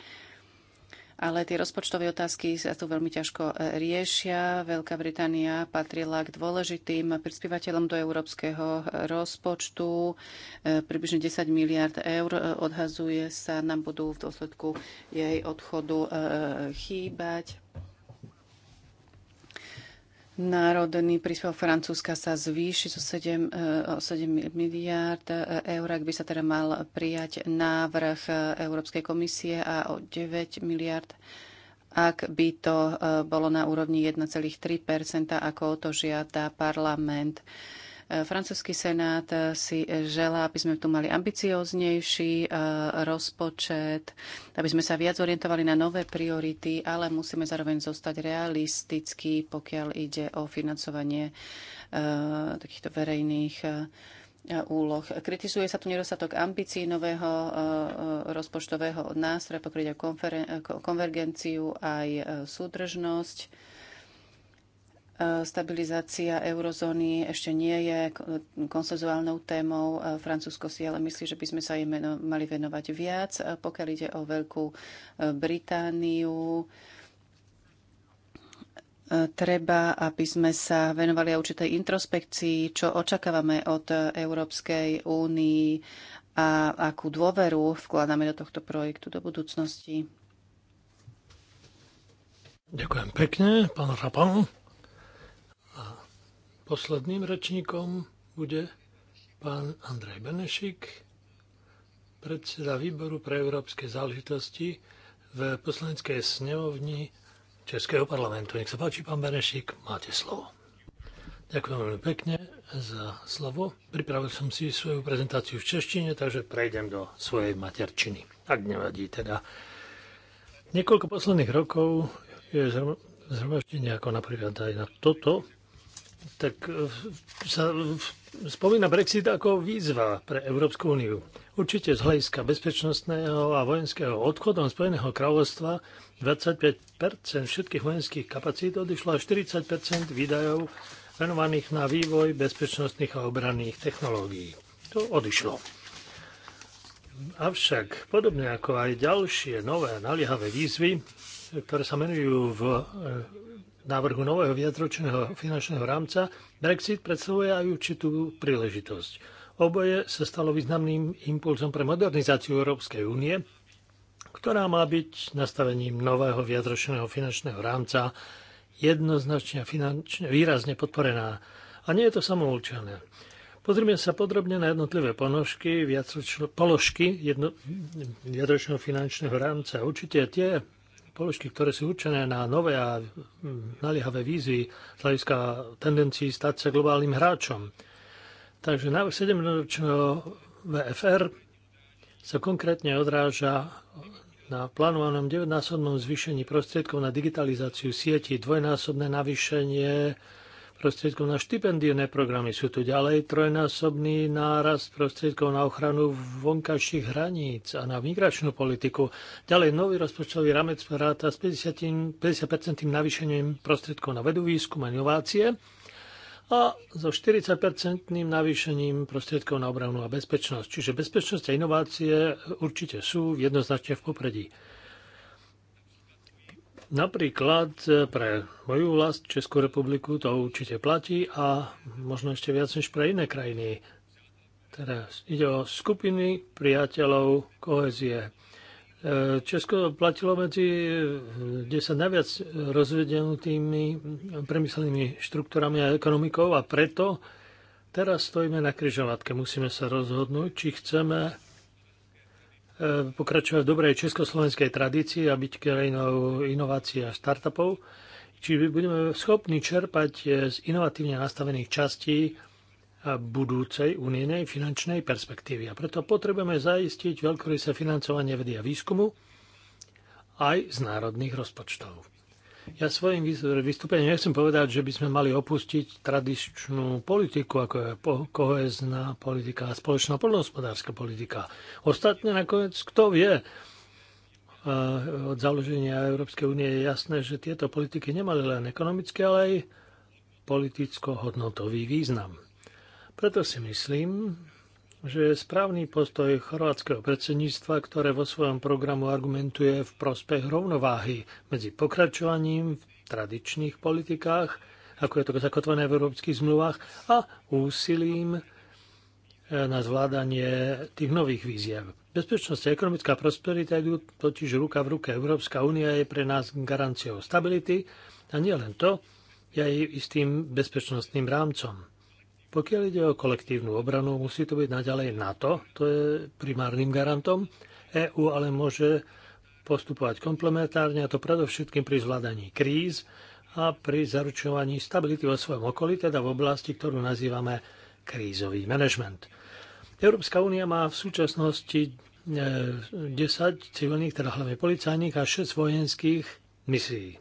ale tie rozpočtové otázky sa tu veľmi ťažko e, riešia. Veľká Británia patrila k dôležitým prispievateľom do európskeho rozpočtu. E, približne 10 miliard eur e, odhazuje sa, nám budú v dôsledku jej odchodu chýbať národný príspevok Francúzska sa zvýši zo 7, 7 e, miliárd e, eur, ak by sa teda mal prijať návrh e, Európskej komisie a o 9 miliárd ak by to bolo na úrovni 1,3 ako to žiada parlament. Francúzsky senát si želá, aby sme tu mali ambicioznejší e, rozpočet, aby sme sa viac orientovali na nové priority, ale musíme zároveň zostať realistickí, pokiaľ ide o financovanie e, takýchto verejných e, úloh. Kritizuje sa tu nedostatok ambícií nového rozpočtového nástroja, pokryť aj konvergenciu, aj súdržnosť E, stabilizácia eurozóny ešte nie je konsenzuálnou témou. E, Francúzsko si ale myslí, že by sme sa jej mali venovať viac. E, pokiaľ ide o Veľkú Britániu, treba, aby sme sa venovali aj určitej introspekcii, čo očakávame od Európskej únii a akú dôveru vkladáme do tohto projektu do budúcnosti. Ďakujem pekne, pán Rapan. Posledným rečníkom bude pán Andrej Benešik, predseda výboru pre európske záležitosti v poslaneckej snemovni Českého parlamentu. Nech sa páči, pán Benešik, máte slovo. Ďakujem veľmi pekne za slovo. Pripravil som si svoju prezentáciu v češtine, takže prejdem do svojej materčiny, ak nevadí teda. Niekoľko posledných rokov je zhromaždenie ako napríklad aj na toto tak e, sa spomína Brexit ako výzva pre Európsku úniu. Určite z hľadiska bezpečnostného a vojenského odchodom Spojeného kráľovstva 25 všetkých vojenských kapacít odišlo a 40 výdajov venovaných na vývoj bezpečnostných a obranných technológií. To odišlo. Avšak, podobne ako aj ďalšie nové naliehavé výzvy, ktoré sa menujú v e, návrhu nového viacročného finančného rámca, Brexit predstavuje aj určitú príležitosť. Oboje sa stalo významným impulzom pre modernizáciu Európskej únie, ktorá má byť nastavením nového viacročného finančného rámca jednoznačne finančne, výrazne podporená. A nie je to samoučené. Pozrime sa podrobne na jednotlivé ponožky, viacročno, položky jedno, viacročného finančného rámca. Určite tie položky, ktoré sú určené na nové a hm, naliehavé výzvy z hľadiska tendencií stať sa globálnym hráčom. Takže návrh 7 VFR sa konkrétne odráža na plánovanom 9-násobnom zvýšení prostriedkov na digitalizáciu sieti, dvojnásobné navýšenie prostriedkov na štipendijné programy. Sú tu ďalej trojnásobný nárast prostriedkov na ochranu vonkajších hraníc a na migračnú politiku. Ďalej nový rozpočtový ramec ráta s 50%, 50 navýšením prostriedkov na vedú výskum a inovácie a so 40-percentným navýšením prostriedkov na obranu a bezpečnosť. Čiže bezpečnosť a inovácie určite sú jednoznačne v popredí. Napríklad e, pre moju vlast Českú republiku to určite platí a možno ešte viac než pre iné krajiny. Teraz ide o skupiny priateľov kohezie. E, Česko platilo medzi 10 e, najviac rozvedenutými premyslenými štruktúrami a ekonomikou a preto teraz stojíme na kryžovatke. Musíme sa rozhodnúť, či chceme E, pokračovať v dobrej československej tradícii a byť krajinou inovácií a startupov. či budeme schopní čerpať e, z inovatívne nastavených častí budúcej unijnej finančnej perspektívy. A preto potrebujeme zaistiť veľkorysé financovanie vedy a výskumu aj z národných rozpočtov. Ja svojim vystúpením nechcem povedať, že by sme mali opustiť tradičnú politiku, ako je kohezná politika a spoločná poľnohospodárska politika. Ostatne nakoniec, kto vie, od založenia Európskej únie je jasné, že tieto politiky nemali len ekonomický, ale aj politicko-hodnotový význam. Preto si myslím, že je správny postoj chorvátskeho predsedníctva, ktoré vo svojom programu argumentuje v prospech rovnováhy medzi pokračovaním v tradičných politikách, ako je to zakotvené v európskych zmluvách, a úsilím e, na zvládanie tých nových víziev. Bezpečnosť a ekonomická prosperita idú totiž ruka v ruke. Európska únia je pre nás garanciou stability a nielen to, je aj istým bezpečnostným rámcom. Pokiaľ ide o kolektívnu obranu, musí to byť naďalej NATO, to je primárnym garantom. EÚ ale môže postupovať komplementárne, a to predovšetkým pri zvládaní kríz a pri zaručovaní stability vo svojom okolí, teda v oblasti, ktorú nazývame krízový manažment. Európska únia má v súčasnosti 10 e, civilných, teda hlavne policajných a 6 vojenských misií.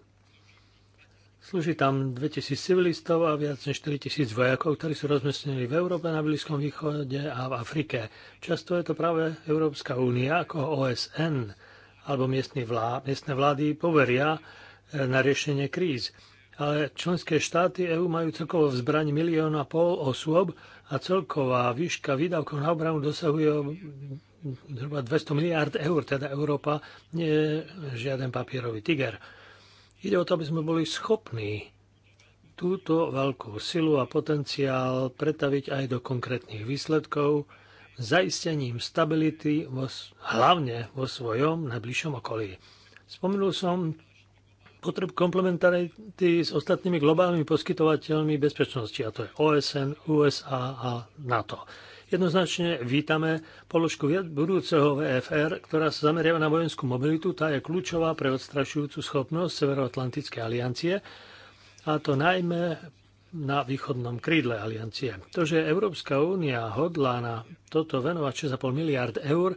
Slúži tam 2000 civilistov a viac než 4000 vojakov, ktorí sú rozmestnení v Európe, na Blízkom východe a v Afrike. Často je to práve Európska únia ako OSN alebo miestne vlády, miestne vlády poveria eh, na riešenie kríz. Ale členské štáty EÚ majú celkovo v zbraň milión a pol osôb a celková výška výdavkov na obranu dosahuje zhruba 200 miliárd eur, teda Európa nie je žiaden papierový tiger. Ide o to, aby sme boli schopní túto veľkú silu a potenciál pretaviť aj do konkrétnych výsledkov zaistením stability vo, hlavne vo svojom najbližšom okolí. Spomenul som potreb komplementarity s ostatnými globálnymi poskytovateľmi bezpečnosti, a to je OSN, USA a NATO. Jednoznačne vítame položku budúceho VFR, ktorá sa zameriava na vojenskú mobilitu. Tá je kľúčová pre odstrašujúcu schopnosť Severoatlantickej aliancie, a to najmä na východnom krídle aliancie. To, že Európska únia hodlá na toto venovať 6,5 miliard eur,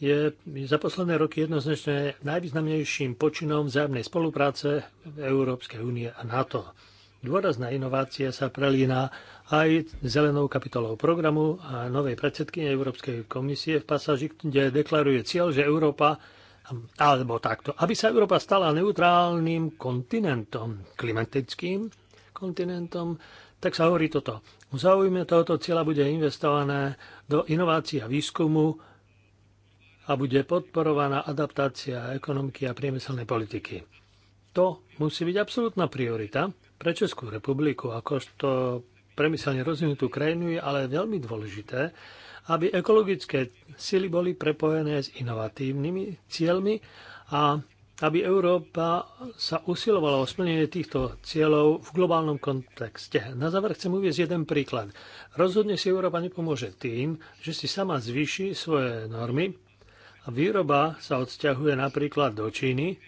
je za posledné roky jednoznačne najvýznamnejším počinom vzájomnej spolupráce Európskej únie a NATO. Dôraz na inovácie sa prelína aj zelenou kapitolou programu a novej predsedkyne Európskej komisie v pasáži, kde deklaruje cieľ, že Európa alebo takto, aby sa Európa stala neutrálnym kontinentom, klimatickým kontinentom, tak sa hovorí toto. V záujme tohoto cieľa bude investované do inovácií a výskumu a bude podporovaná adaptácia ekonomiky a priemyselnej politiky. To musí byť absolútna priorita pre Českú republiku, akožto premyselne rozvinutú krajinu, je ale veľmi dôležité, aby ekologické sily boli prepojené s inovatívnymi cieľmi a aby Európa sa usilovala o splnenie týchto cieľov v globálnom kontexte. Na záver chcem uvieť jeden príklad. Rozhodne si Európa nepomôže tým, že si sama zvýši svoje normy a výroba sa odsťahuje napríklad do Číny,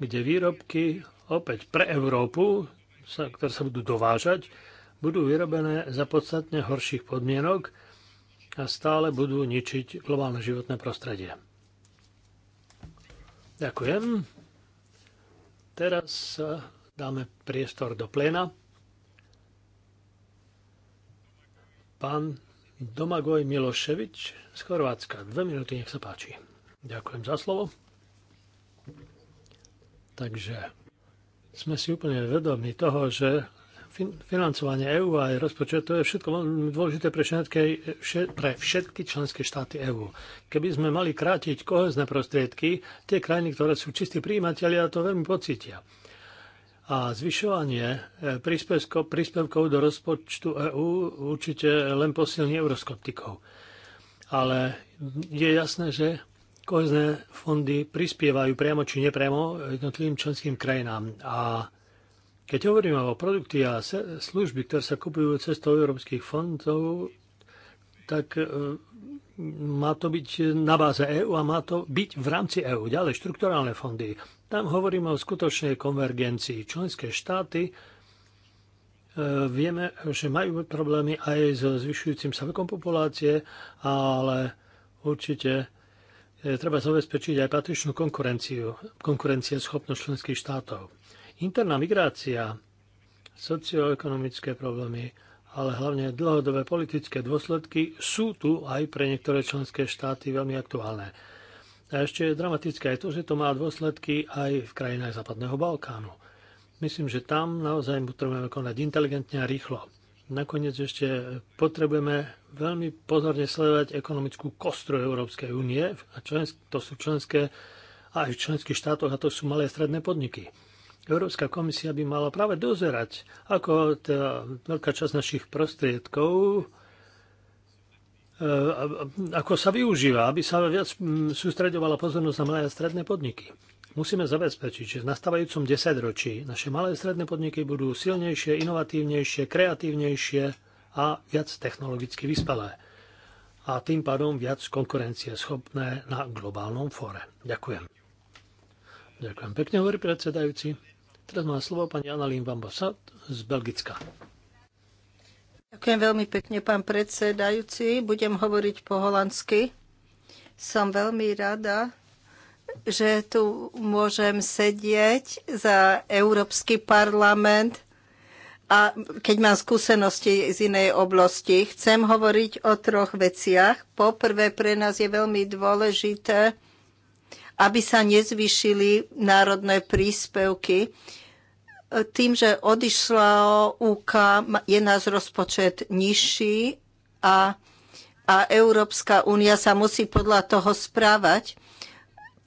kde výrobky opäť pre Európu sa, ktoré sa budú dovážať, budú vyrobené za podstatne horších podmienok a stále budú ničiť globálne životné prostredie. Ďakujem. Teraz eh, dáme priestor do pléna. Pán Domagoj Miloševič z Chorvátska. Dve minúty, nech sa páči. Ďakujem za slovo. Takže sme si úplne vedomi toho, že financovanie EÚ a aj rozpočet, to je všetko dôležité pre všetky, pre všetky členské štáty EÚ. Keby sme mali krátiť kohezné prostriedky, tie krajiny, ktoré sú čistí príjimatelia, to veľmi pocítia. A zvyšovanie e, príspevkov, príspevkov do rozpočtu EÚ určite len posilní euroskoptikov. Ale je jasné, že kohezné fondy prispievajú priamo či nepriamo jednotlivým členským krajinám. A keď hovoríme o produkty a služby, ktoré sa kupujú cestou európskych fondov, tak e, má to byť na báze EÚ a má to byť v rámci EÚ. Ďalej, štrukturálne fondy. Tam hovoríme o skutočnej konvergencii. Členské štáty e, vieme, že majú problémy aj so zvyšujúcim sa vekom populácie, ale určite E, treba zabezpečiť aj patričnú konkurenciu, konkurencie schopnosť členských štátov. Interná migrácia, socioekonomické problémy, ale hlavne dlhodobé politické dôsledky sú tu aj pre niektoré členské štáty veľmi aktuálne. A ešte je dramatické aj to, že to má dôsledky aj v krajinách Západného Balkánu. Myslím, že tam naozaj potrebujeme konať inteligentne a rýchlo nakoniec ešte potrebujeme veľmi pozorne sledovať ekonomickú kostru Európskej únie a člensk- to sú členské a aj v členských štátoch a to sú malé a stredné podniky. Európska komisia by mala práve dozerať, ako tá veľká časť našich prostriedkov e, ako sa využíva, aby sa viac sústredovala pozornosť na malé a stredné podniky. Musíme zabezpečiť, že v nastávajúcom desaťročí naše malé a stredné podniky budú silnejšie, inovatívnejšie, kreatívnejšie a viac technologicky vyspelé. A tým pádom viac konkurencie schopné na globálnom fóre. Ďakujem. Ďakujem pekne, hovorí predsedajúci. Teraz má slovo pani Annalín Vambasat z Belgicka. Ďakujem veľmi pekne, pán predsedajúci. Budem hovoriť po holandsky. Som veľmi rada, že tu môžem sedieť za Európsky parlament a keď mám skúsenosti z inej oblasti, chcem hovoriť o troch veciach. Poprvé, pre nás je veľmi dôležité, aby sa nezvyšili národné príspevky. Tým, že odišla UK, je náš rozpočet nižší a, a Európska únia sa musí podľa toho správať.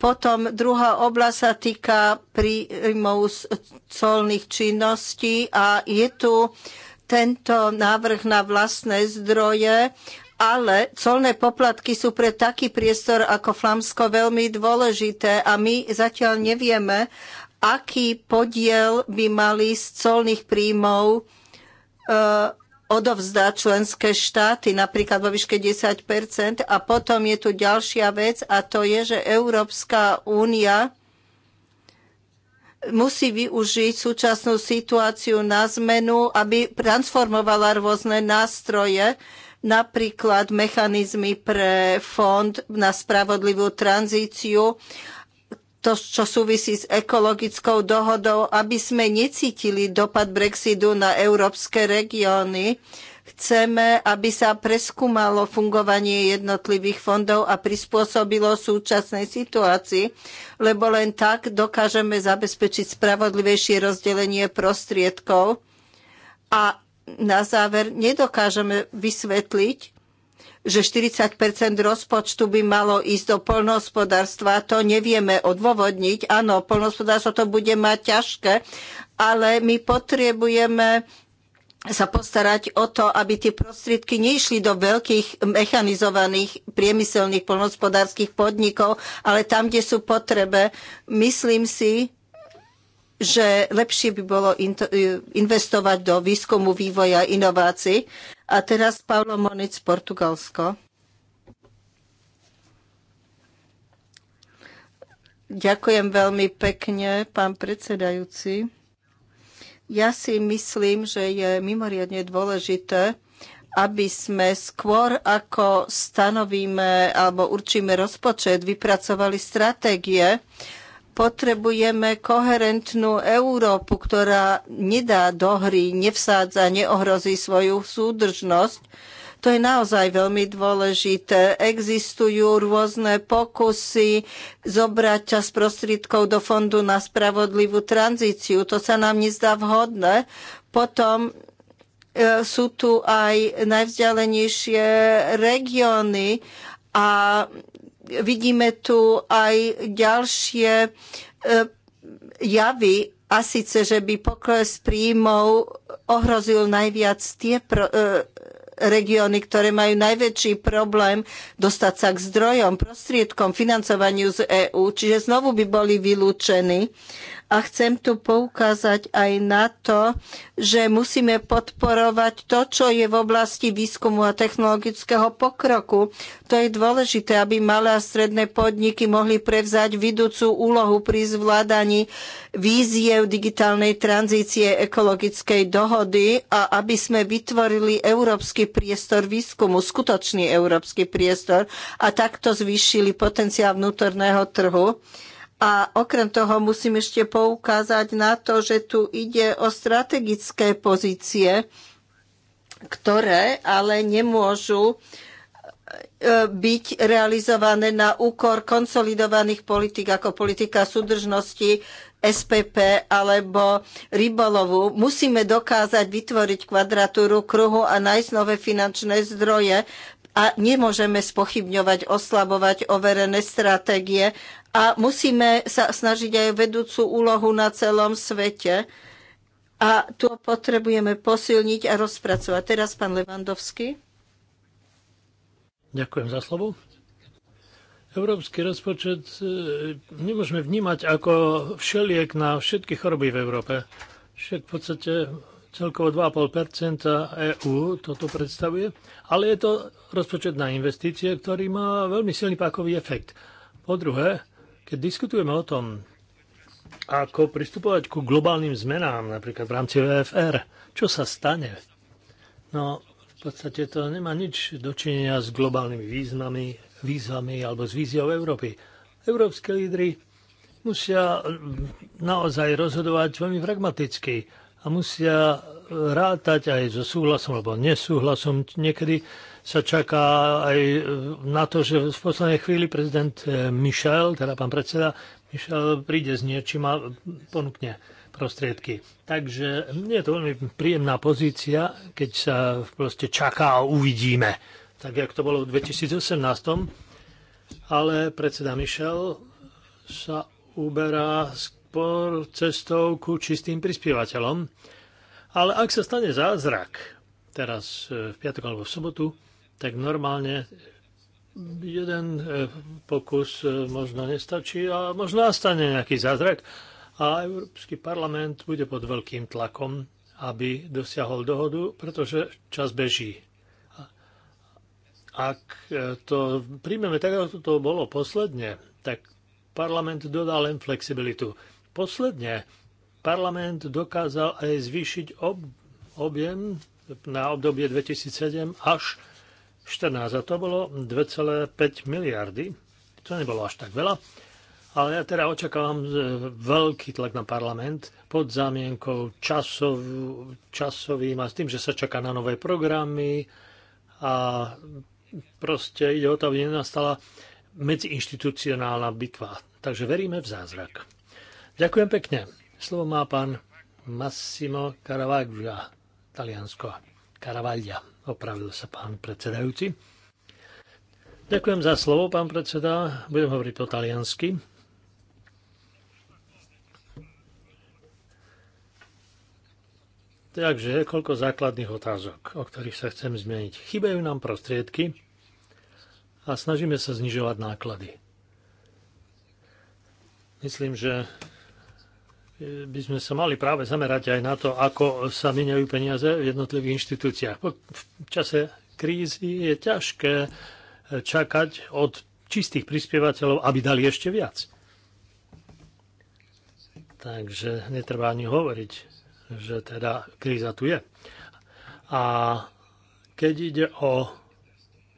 Potom druhá oblasť sa týka príjmov colných činností a je tu tento návrh na vlastné zdroje, ale colné poplatky sú pre taký priestor ako Flamsko veľmi dôležité a my zatiaľ nevieme, aký podiel by mali z colných príjmov e, odovzdá členské štáty, napríklad vo výške 10 A potom je tu ďalšia vec a to je, že Európska únia musí využiť súčasnú situáciu na zmenu, aby transformovala rôzne nástroje, napríklad mechanizmy pre fond na spravodlivú tranzíciu to, čo súvisí s ekologickou dohodou, aby sme necítili dopad Brexitu na európske regióny. Chceme, aby sa preskúmalo fungovanie jednotlivých fondov a prispôsobilo súčasnej situácii, lebo len tak dokážeme zabezpečiť spravodlivejšie rozdelenie prostriedkov. A na záver nedokážeme vysvetliť, že 40 rozpočtu by malo ísť do polnohospodárstva. To nevieme odôvodniť. Áno, polnohospodárstvo to bude mať ťažké, ale my potrebujeme sa postarať o to, aby tie prostriedky neišli do veľkých mechanizovaných priemyselných poľnohospodárskych podnikov, ale tam, kde sú potrebe. Myslím si, že lepšie by bolo investovať do výskumu, vývoja, inovácií. A teraz Paulo Monic, Portugalsko. Ďakujem veľmi pekne, pán predsedajúci. Ja si myslím, že je mimoriadne dôležité, aby sme skôr ako stanovíme alebo určíme rozpočet, vypracovali stratégie, Potrebujeme koherentnú Európu, ktorá nedá do hry, nevsádza, neohrozí svoju súdržnosť. To je naozaj veľmi dôležité. Existujú rôzne pokusy zobrať čas prostriedkov do Fondu na spravodlivú tranzíciu. To sa nám nezdá vhodné. Potom e, sú tu aj najvzdialenejšie regióny a vidíme tu aj ďalšie e, javy, a síce, že by pokles príjmov ohrozil najviac tie pro, e, regióny, ktoré majú najväčší problém dostať sa k zdrojom, prostriedkom, financovaniu z EÚ, čiže znovu by boli vylúčení. A chcem tu poukázať aj na to, že musíme podporovať to, čo je v oblasti výskumu a technologického pokroku. To je dôležité, aby malé a stredné podniky mohli prevzať vidúcu úlohu pri zvládaní víziev digitálnej tranzície ekologickej dohody a aby sme vytvorili európsky priestor výskumu, skutočný európsky priestor a takto zvýšili potenciál vnútorného trhu. A okrem toho musím ešte poukázať na to, že tu ide o strategické pozície, ktoré ale nemôžu e, byť realizované na úkor konsolidovaných politik ako politika súdržnosti, SPP alebo rybolovu. Musíme dokázať vytvoriť kvadratúru kruhu a nájsť nové finančné zdroje, a nemôžeme spochybňovať, oslabovať overené stratégie a musíme sa snažiť aj vedúcu úlohu na celom svete. A tu potrebujeme posilniť a rozpracovať. Teraz pán Levandovský. Ďakujem za slovo. Európsky rozpočet e, nemôžeme vnímať ako všeliek na všetky choroby v Európe. Však v podstate celkovo 2,5 EÚ toto predstavuje, ale je to rozpočet na investície, ktorý má veľmi silný pákový efekt. Po druhé, keď diskutujeme o tom, ako pristupovať ku globálnym zmenám, napríklad v rámci VFR, er, čo sa stane? No, v podstate to nemá nič dočinenia s globálnymi významy, výzvami alebo s víziou Európy. Európske lídry musia naozaj rozhodovať veľmi pragmaticky a musia rátať aj so súhlasom alebo nesúhlasom. Niekedy sa čaká aj na to, že v poslednej chvíli prezident eh, Michel, teda pán predseda Michel, príde s niečím a ponúkne prostriedky. Takže nie je to veľmi príjemná pozícia, keď sa proste čaká a uvidíme. Tak, jak to bolo v 2018. Ale predseda Michel sa uberá skôr cestou ku čistým prispievateľom. Ale ak sa stane zázrak teraz e, v piatok alebo v sobotu, tak normálne jeden e, pokus e, možno nestačí a možno nastane nejaký zázrak a Európsky parlament bude pod veľkým tlakom, aby dosiahol dohodu, pretože čas beží. Ak to príjmeme tak, ako to bolo posledne, tak parlament dodá len flexibilitu. Posledne parlament dokázal aj zvýšiť ob, objem na obdobie 2007 až 14 a to bolo 2,5 miliardy. To nebolo až tak veľa. Ale ja teda očakávam e, veľký tlak na parlament pod zámienkou časov, časovým a s tým, že sa čaká na nové programy a proste ide o to, aby nenastala medziinstitucionálna bitva. Takže veríme v zázrak. Ďakujem pekne. Slovo má pán Massimo Caravaggia, Taliansko. Caravaglia, opravil sa pán predsedajúci. Ďakujem za slovo, pán predseda. Budem hovoriť po taliansky. Takže koľko základných otázok, o ktorých sa chcem zmeniť. Chýbajú nám prostriedky a snažíme sa znižovať náklady. Myslím, že by sme sa mali práve zamerať aj na to, ako sa miniajú peniaze v jednotlivých inštitúciách. V čase krízy je ťažké e, čakať od čistých prispievateľov, aby dali ešte viac. Takže netreba ani hovoriť, že teda kríza tu je. A keď ide o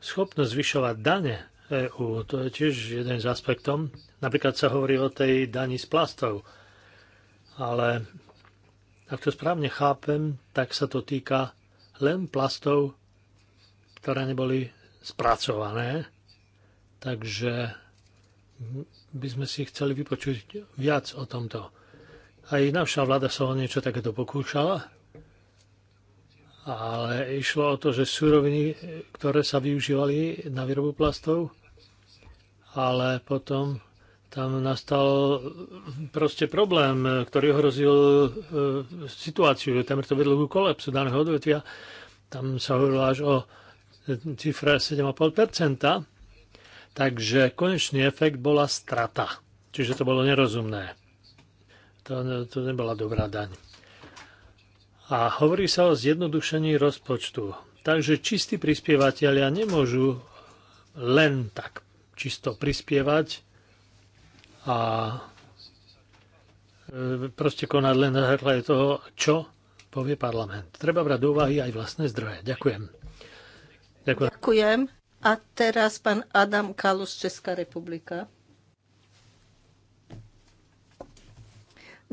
schopnosť zvyšovať dane EU, to je tiež jeden z aspektom. Napríklad sa hovorí o tej dani z plastov ale ak to správne chápem, tak sa to týka len plastov, ktoré neboli spracované. Takže by sme si chceli vypočuť viac o tomto. Aj naša vláda sa o niečo takéto pokúšala, ale išlo o to, že suroviny, ktoré sa využívali na výrobu plastov, ale potom tam nastal eh, proste problém, eh, ktorý ohrozil eh, situáciu. Tam to vedlo k kolapsu daného odvetvia. Tam sa hovorilo až o cifre 7,5%. Takže konečný efekt bola strata. Čiže to bolo nerozumné. To, to nebola dobrá daň. A hovorí sa o zjednodušení rozpočtu. Takže čistí prispievateľia nemôžu len tak čisto prispievať a e, proste konať len na základe toho, čo povie parlament. Treba brať do úvahy aj vlastné zdroje. Ďakujem. Ďakujem. Ďakujem. A teraz pán Adam Kalus, Česká republika.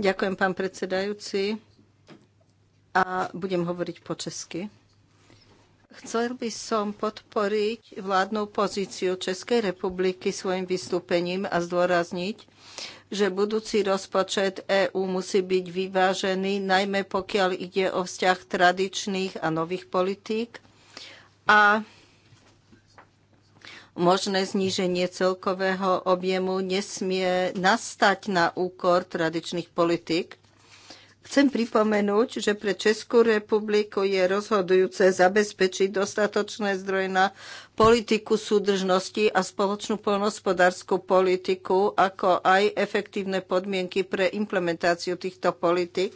Ďakujem, pán predsedajúci. A budem hovoriť po česky. Chcel by som podporiť vládnu pozíciu Českej republiky svojim vystúpením a zdôrazniť, že budúci rozpočet EÚ musí byť vyvážený, najmä pokiaľ ide o vzťah tradičných a nových politík a možné zníženie celkového objemu nesmie nastať na úkor tradičných politík. Chcem pripomenúť, že pre Českú republiku je rozhodujúce zabezpečiť dostatočné zdroje na politiku súdržnosti a spoločnú polnospodárskú politiku, ako aj efektívne podmienky pre implementáciu týchto politik.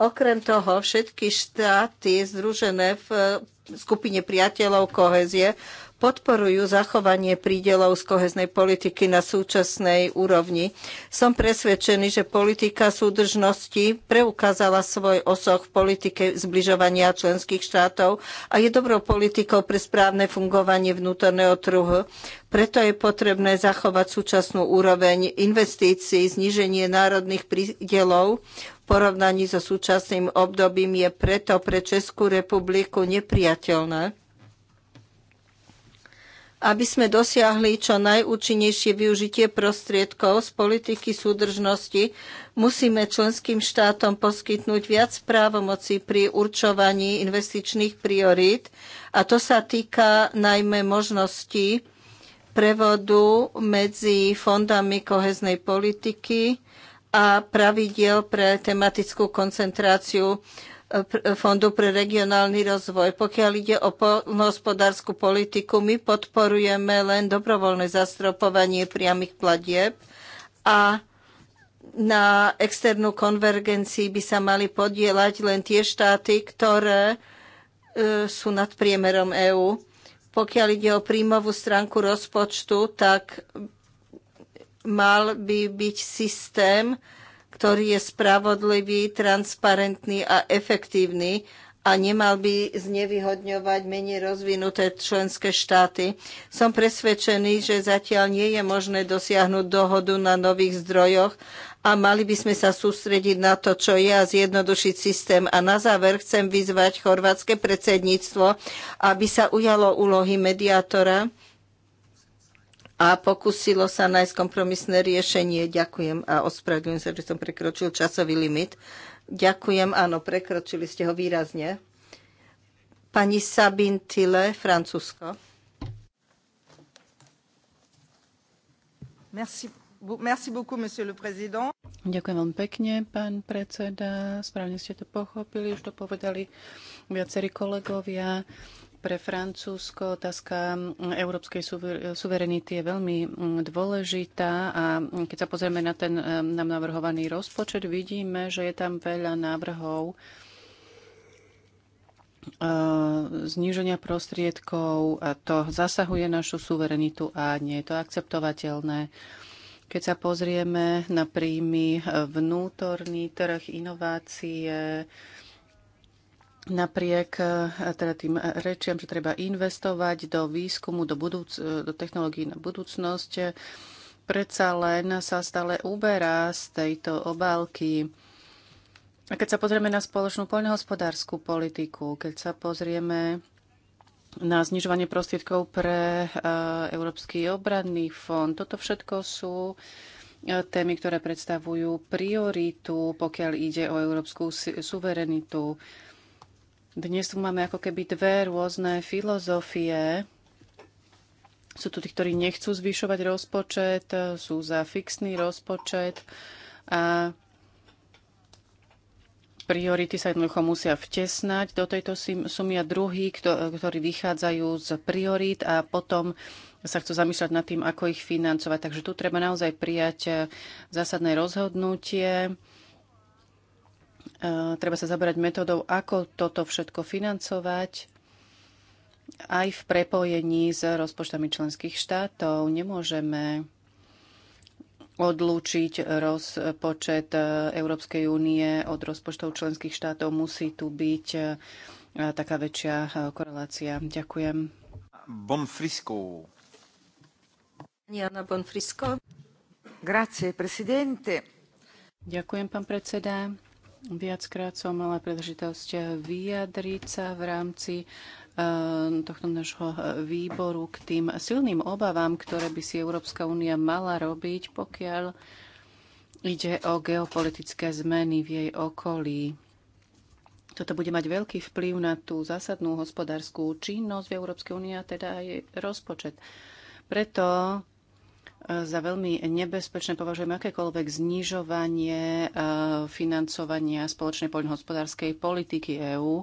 Okrem toho, všetky štáty združené v skupine priateľov kohezie podporujú zachovanie prídelov z koheznej politiky na súčasnej úrovni. Som presvedčený, že politika súdržnosti preukázala svoj osoch v politike zbližovania členských štátov a je dobrou politikou pre správne fungovanie vnútorného trhu. Preto je potrebné zachovať súčasnú úroveň investícií, zníženie národných prídelov porovnaní so súčasným obdobím je preto pre Českú republiku neprijateľné aby sme dosiahli čo najúčinnejšie využitie prostriedkov z politiky súdržnosti, musíme členským štátom poskytnúť viac právomocí pri určovaní investičných priorít a to sa týka najmä možností prevodu medzi fondami koheznej politiky a pravidiel pre tematickú koncentráciu Fondu pre regionálny rozvoj. Pokiaľ ide o polnohospodárskú politiku, my podporujeme len dobrovoľné zastropovanie priamých platieb a na externú konvergencii by sa mali podielať len tie štáty, ktoré e, sú nad priemerom EÚ. Pokiaľ ide o príjmovú stránku rozpočtu, tak mal by byť systém, ktorý je spravodlivý, transparentný a efektívny a nemal by znevýhodňovať menej rozvinuté členské štáty. Som presvedčený, že zatiaľ nie je možné dosiahnuť dohodu na nových zdrojoch a mali by sme sa sústrediť na to, čo je a zjednodušiť systém. A na záver chcem vyzvať chorvátske predsedníctvo, aby sa ujalo úlohy mediátora a pokusilo sa nájsť kompromisné riešenie. Ďakujem a ospravedlňujem sa, že som prekročil časový limit. Ďakujem, áno, prekročili ste ho výrazne. Pani Sabine Tille, Francúzsko. Merci. Merci beaucoup, monsieur le président. Ďakujem veľmi pekne, pán predseda. Správne ste to pochopili, už to povedali viacerí kolegovia. Pre Francúzsko otázka európskej suverenity je veľmi mm, dôležitá a keď sa pozrieme na ten nám navrhovaný rozpočet, vidíme, že je tam veľa návrhov eh, zníženia prostriedkov. A to zasahuje našu suverenitu a nie je to akceptovateľné. Keď sa pozrieme na príjmy eh, vnútorný trh, inovácie, napriek e, teda tým rečiam, že treba investovať do výskumu, do, budúc- do technológií na budúcnosť, predsa len sa stále uberá z tejto obálky. A keď sa pozrieme na spoločnú poľnohospodárskú politiku, keď sa pozrieme na znižovanie prostriedkov pre e, Európsky obranný fond, toto všetko sú e, témy, ktoré predstavujú prioritu, pokiaľ ide o európsku suverenitu. Dnes tu máme ako keby dve rôzne filozofie. Sú tu tí, ktorí nechcú zvyšovať rozpočet, sú za fixný rozpočet a priority sa jednoducho musia vtesnať do tejto sumy a druhý, ktorí vychádzajú z priorít a potom sa chcú zamýšľať nad tým, ako ich financovať. Takže tu treba naozaj prijať eh, zásadné rozhodnutie E, treba sa zaberať metodou, ako toto všetko financovať aj v prepojení s rozpočtami členských štátov. Nemôžeme odlúčiť rozpočet Európskej únie od rozpočtov členských štátov. Musí tu byť e, taká väčšia e, korelácia. Ďakujem. Bonfrisco. Jana Bonfrisco. Grazie, presidente. Ďakujem, pán predseda. Viackrát som mala príležitosť vyjadriť sa v rámci eh, tohto nášho eh, výboru k tým silným obavám, ktoré by si Európska únia mala robiť, pokiaľ ide o geopolitické zmeny v jej okolí. Toto bude mať veľký vplyv na tú zásadnú hospodárskú činnosť v Európskej únii a teda aj rozpočet. Preto za veľmi nebezpečné považujeme akékoľvek znižovanie e, financovania spoločnej poľnohospodárskej politiky EÚ,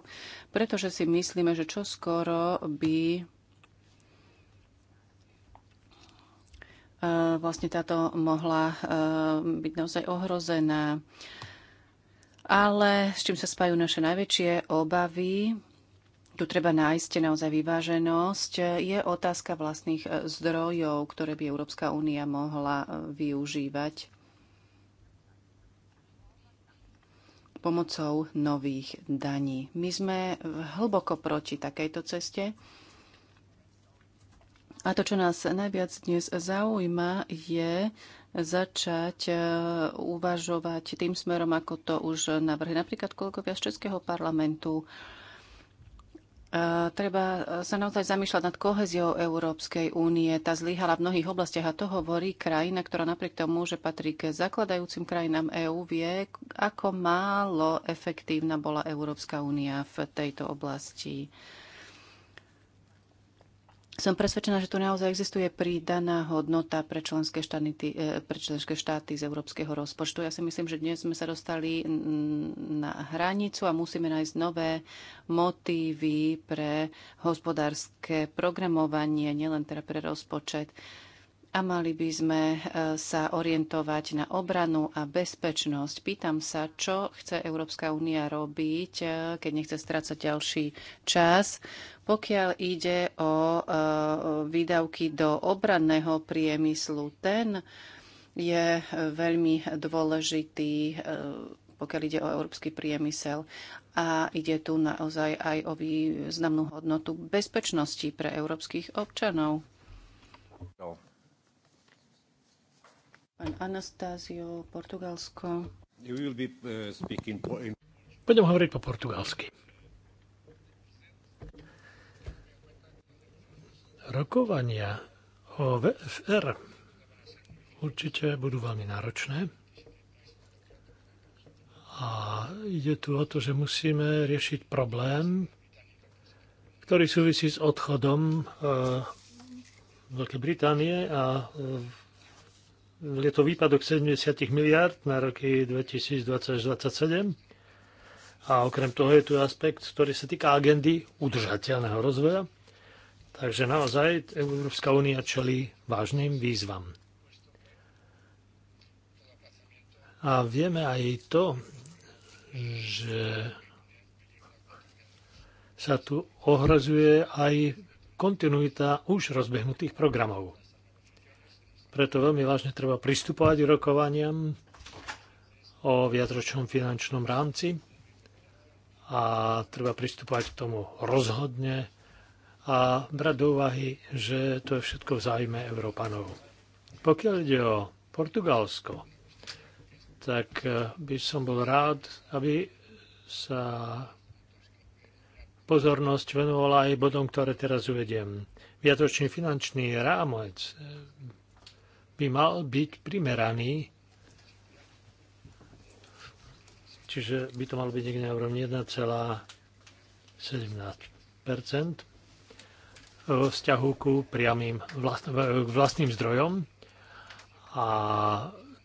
pretože si myslíme, že čo skoro by e, vlastne táto mohla e, byť naozaj ohrozená. Ale s čím sa spajú naše najväčšie obavy, tu treba nájsť naozaj vyváženosť, je otázka vlastných e, zdrojov, ktoré by Európska únia mohla e, využívať pomocou nových daní. My sme e, hlboko proti takejto ceste. A to, čo nás najviac dnes zaujíma, je začať uvažovať tým smerom, ako to už navrhne napríklad kolegovia z Českého parlamentu, E, treba e, sa naozaj zamýšľať nad koheziou Európskej únie. Tá zlyhala v mnohých oblastiach a to hovorí krajina, ktorá napriek tomu, že patrí k zakladajúcim krajinám EÚ, vie, ako málo efektívna bola Európska únia v tejto oblasti. Som presvedčená, že tu naozaj existuje pridaná hodnota pre členské, štáty, eh, pre členské štáty z európskeho rozpočtu. Ja si myslím, že dnes sme sa dostali na hranicu a musíme nájsť nové motívy pre hospodárske programovanie, nielen teda pre rozpočet a mali by sme e, sa orientovať na obranu a bezpečnosť. Pýtam sa, čo chce Európska únia robiť, e, keď nechce strácať ďalší čas, pokiaľ ide o e, výdavky do obranného priemyslu. Ten je veľmi dôležitý pokiaľ ide o európsky priemysel. A ide tu naozaj aj o významnú hodnotu bezpečnosti pre európskych občanov. No. Pán Anastázio, Portugalsko. Uh, Budem hovoriť po portugalsky. Rokovania o VFR určite budú veľmi náročné. A ide tu o to, že musíme riešiť problém, ktorý súvisí s odchodom z uh, Veľkej Británie a je to výpadok 70 miliard na roky 2020-2027. A okrem toho je tu aspekt, ktorý sa týka agendy udržateľného rozvoja. Takže naozaj Európska únia čelí vážnym výzvam. A vieme aj to, že sa tu ohrozuje aj kontinuita už rozbehnutých programov. Preto veľmi vážne treba pristupovať k rokovaniam o viacročnom finančnom rámci a treba pristupovať k tomu rozhodne a brať do úvahy, že to je všetko v záujme Európanov. Pokiaľ ide o Portugalsko, tak e, by som bol rád, aby sa pozornosť venovala aj bodom, ktoré teraz uvediem. Viatočný finančný rámec by mal byť primeraný. Čiže by to malo byť niekde na úrovni 1,17 vo vzťahu ku priamým vlastným, k vlastným zdrojom. A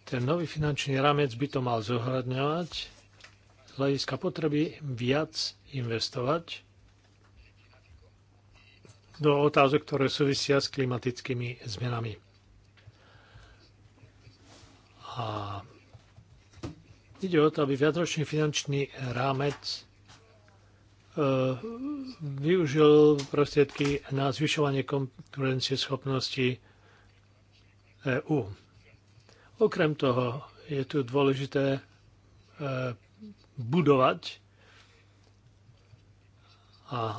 ten nový finančný ramec by to mal zohľadňovať z hľadiska potreby viac investovať do otázok, ktoré súvisia s klimatickými zmenami. A ide o to, aby viacročný finančný rámec e, využil prostriedky na zvyšovanie konkurencie schopnosti EU. Okrem toho je tu dôležité e, budovať a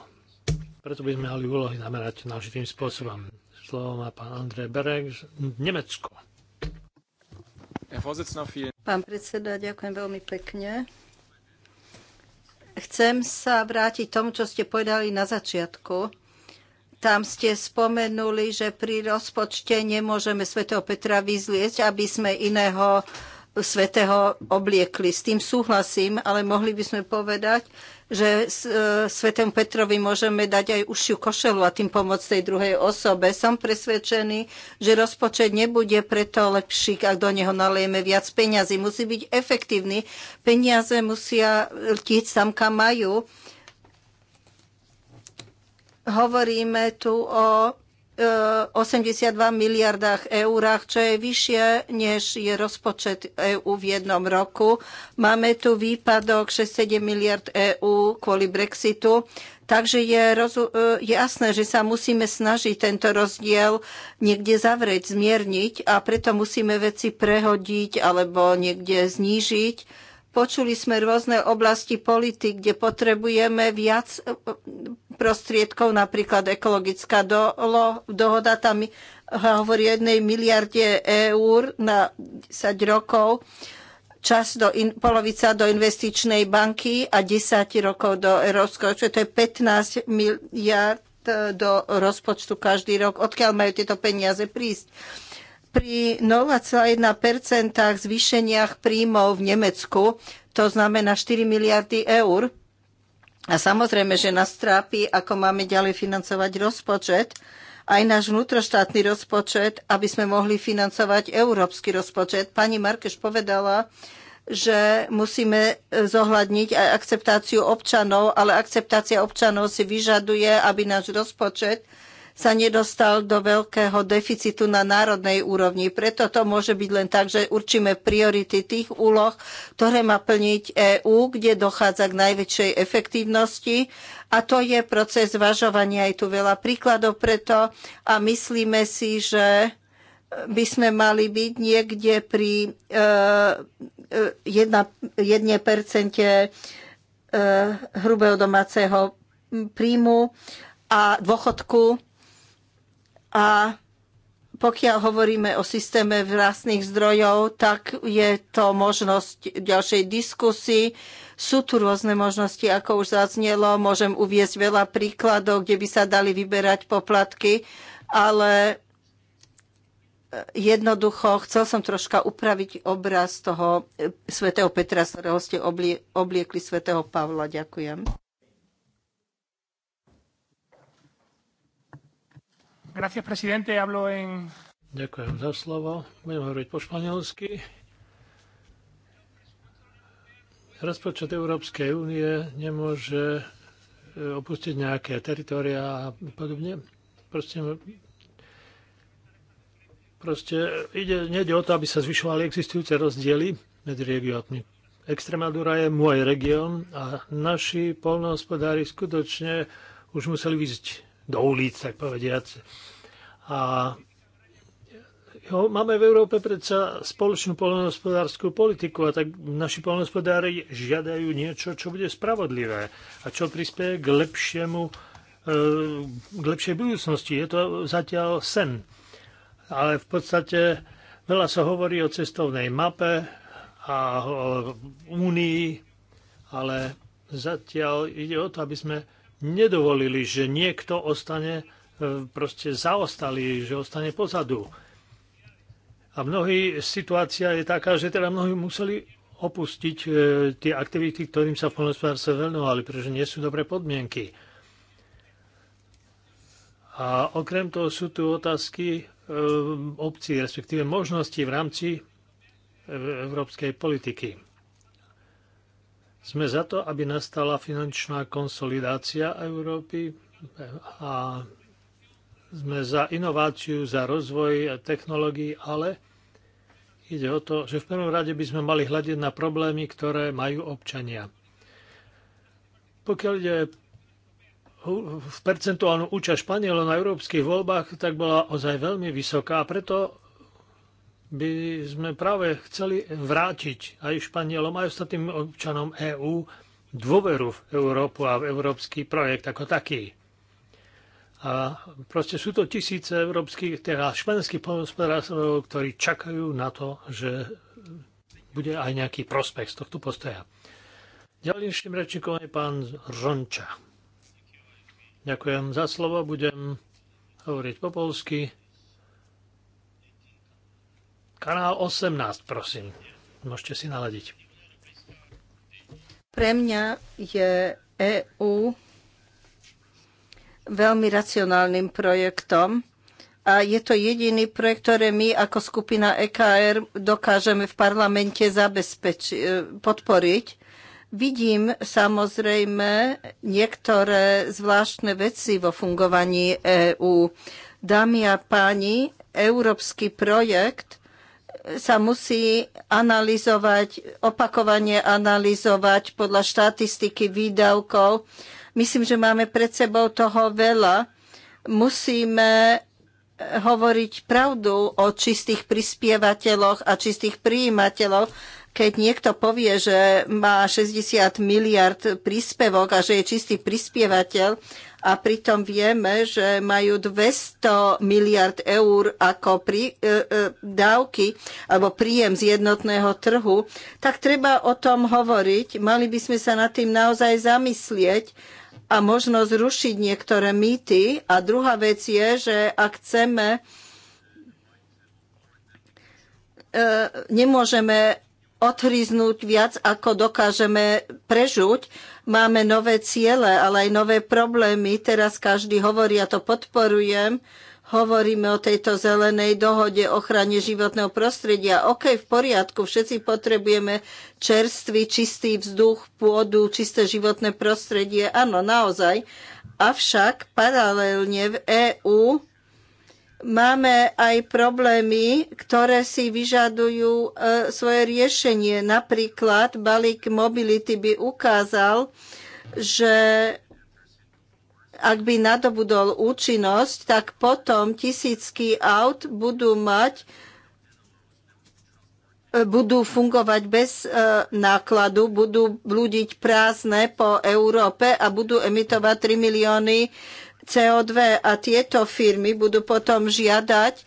preto by sme mali úlohy namerať náležitým spôsobom. Slovo má pán Andrej Berek, Nemecko. Pán predseda, ďakujem veľmi pekne. Chcem sa vrátiť tomu, čo ste povedali na začiatku. Tam ste spomenuli, že pri rozpočte nemôžeme svätého Petra vyzliecť, aby sme iného svetého obliekli. S tým súhlasím, ale mohli by sme povedať, že e, svetom Petrovi môžeme dať aj užšiu košelu a tým pomôcť tej druhej osobe. Som presvedčený, že rozpočet nebude preto lepší, ak do neho nalejeme viac peňazí. Musí byť efektívny. Peniaze musia tiť tam, kam majú. Hovoríme tu o 82 e, miliardách eurách, čo je vyššie, než je rozpočet EÚ v jednom roku. Máme tu výpadok 6-7 miliard EÚ kvôli Brexitu. Takže e, je jasné, že sa musíme snažiť tento rozdiel niekde zavrieť, zmierniť a preto musíme veci prehodiť alebo niekde znížiť Počuli sme rôzne oblasti politik, kde potrebujeme viac e, prostriedkov, napríklad ekologická dolo, dohoda tam hovorí o jednej miliarde eur na 10 rokov, čas do in, polovica do investičnej banky a 10 rokov do Európskeho, čo to je 15 miliard e, do rozpočtu každý rok. Odkiaľ majú tieto peniaze prísť? pri 0,1% zvýšeniach príjmov v Nemecku, to znamená 4 miliardy eur. A samozrejme, že nás trápi, ako máme ďalej financovať rozpočet, aj náš vnútroštátny rozpočet, aby sme mohli financovať európsky rozpočet. Pani Markeš povedala, že musíme zohľadniť aj akceptáciu občanov, ale akceptácia občanov si vyžaduje, aby náš rozpočet sa nedostal do veľkého deficitu na národnej úrovni. Preto to môže byť len tak, že určíme priority tých úloh, ktoré má plniť EÚ, kde dochádza k najväčšej efektívnosti. A to je proces zvažovania. Je tu veľa príkladov preto a myslíme si, že by sme mali byť niekde pri e, e, jedne percente e, hrubého domáceho príjmu a dôchodku a pokiaľ hovoríme o systéme vlastných zdrojov, tak je to možnosť ďalšej diskusie. Sú tu rôzne možnosti, ako už zaznelo. Môžem uviezť veľa príkladov, kde by sa dali vyberať poplatky, ale e, jednoducho chcel som troška upraviť obraz toho e, svätého Petra, z ktorého ste obliekli svätého Pavla. Ďakujem. Gracias, presidente. Hablo en... Ďakujem za slovo. Budem hovoriť po španielsky. Rozpočet Európskej únie nemôže e, opustiť nejaké teritoria a podobne. Proste, proste ide, nejde o to, aby sa zvyšovali existujúce rozdiely medzi regiónmi. Extremadura je môj región a naši polnohospodári skutočne už museli ísť do ulic, tak povediať, a máme v Európe predsa spoločnú polnohospodárskú politiku a tak naši polnohospodári žiadajú niečo, čo bude spravodlivé a čo prispieje k lepšiemu e, k lepšej budúcnosti. Je to zatiaľ sen. Ale v podstate veľa sa hovorí o cestovnej mape a o únii, ale zatiaľ ide o to, aby sme nedovolili, že niekto ostane E, proste zaostali, že ostane pozadu. A mnohí, situácia je taká, že teda mnohí museli opustiť e, tie aktivity, ktorým sa v polnospodárstve venovali, pretože nie sú dobré podmienky. A okrem toho sú tu otázky e, obcí, respektíve možnosti v rámci e, európskej politiky. Sme za to, aby nastala finančná konsolidácia Európy a sme za inováciu, za rozvoj technológií, ale ide o to, že v prvom rade by sme mali hľadiť na problémy, ktoré majú občania. Pokiaľ ide v percentuálnu účasť Španielov na európskych voľbách, tak bola ozaj veľmi vysoká a preto by sme práve chceli vrátiť aj Španielom, aj ostatným občanom EÚ dôveru v Európu a v európsky projekt ako taký. A proste sú to tisíce európskych, teda španielských poľnohospodárov, ktorí čakajú na to, že bude aj nejaký prospekt z tohto postoja. Ďalším rečníkom je pán Ronča. Ďakujem za slovo, budem hovoriť po polsky. Kanál 18, prosím. Môžete si naladiť. Pre mňa je EU veľmi racionálnym projektom a je to jediný projekt, ktorý my ako skupina EKR dokážeme v parlamente e, podporiť. Vidím samozrejme niektoré zvláštne veci vo fungovaní EÚ. Dámy a páni, európsky projekt sa musí analyzovať, opakovane analyzovať podľa štatistiky výdavkov Myslím, že máme pred sebou toho veľa. Musíme eh, hovoriť pravdu o čistých prispievateľoch a čistých príjimateľoch, keď niekto povie, že má 60 miliard príspevok a že je čistý prispievateľ a pritom vieme, že majú 200 miliard eur ako prí, e, eh, e, eh, dávky alebo príjem z jednotného trhu, tak treba o tom hovoriť. Mali by sme sa nad tým naozaj zamyslieť a možno zrušiť niektoré mýty. A druhá vec je, že ak chceme, e, nemôžeme odhryznúť viac, ako dokážeme prežuť. Máme nové ciele, ale aj nové problémy. Teraz každý hovorí, ja to podporujem, hovoríme o tejto zelenej dohode ochrane životného prostredia. OK, v poriadku, všetci potrebujeme čerstvý, čistý vzduch, pôdu, čisté životné prostredie. Áno, naozaj. Avšak paralelne v EÚ máme aj problémy, ktoré si vyžadujú e, svoje riešenie. Napríklad balík mobility by ukázal, že ak by nadobudol účinnosť, tak potom tisícky aut budú mať budú fungovať bez e, nákladu, budú blúdiť prázdne po Európe a budú emitovať 3 milióny CO2 a tieto firmy budú potom žiadať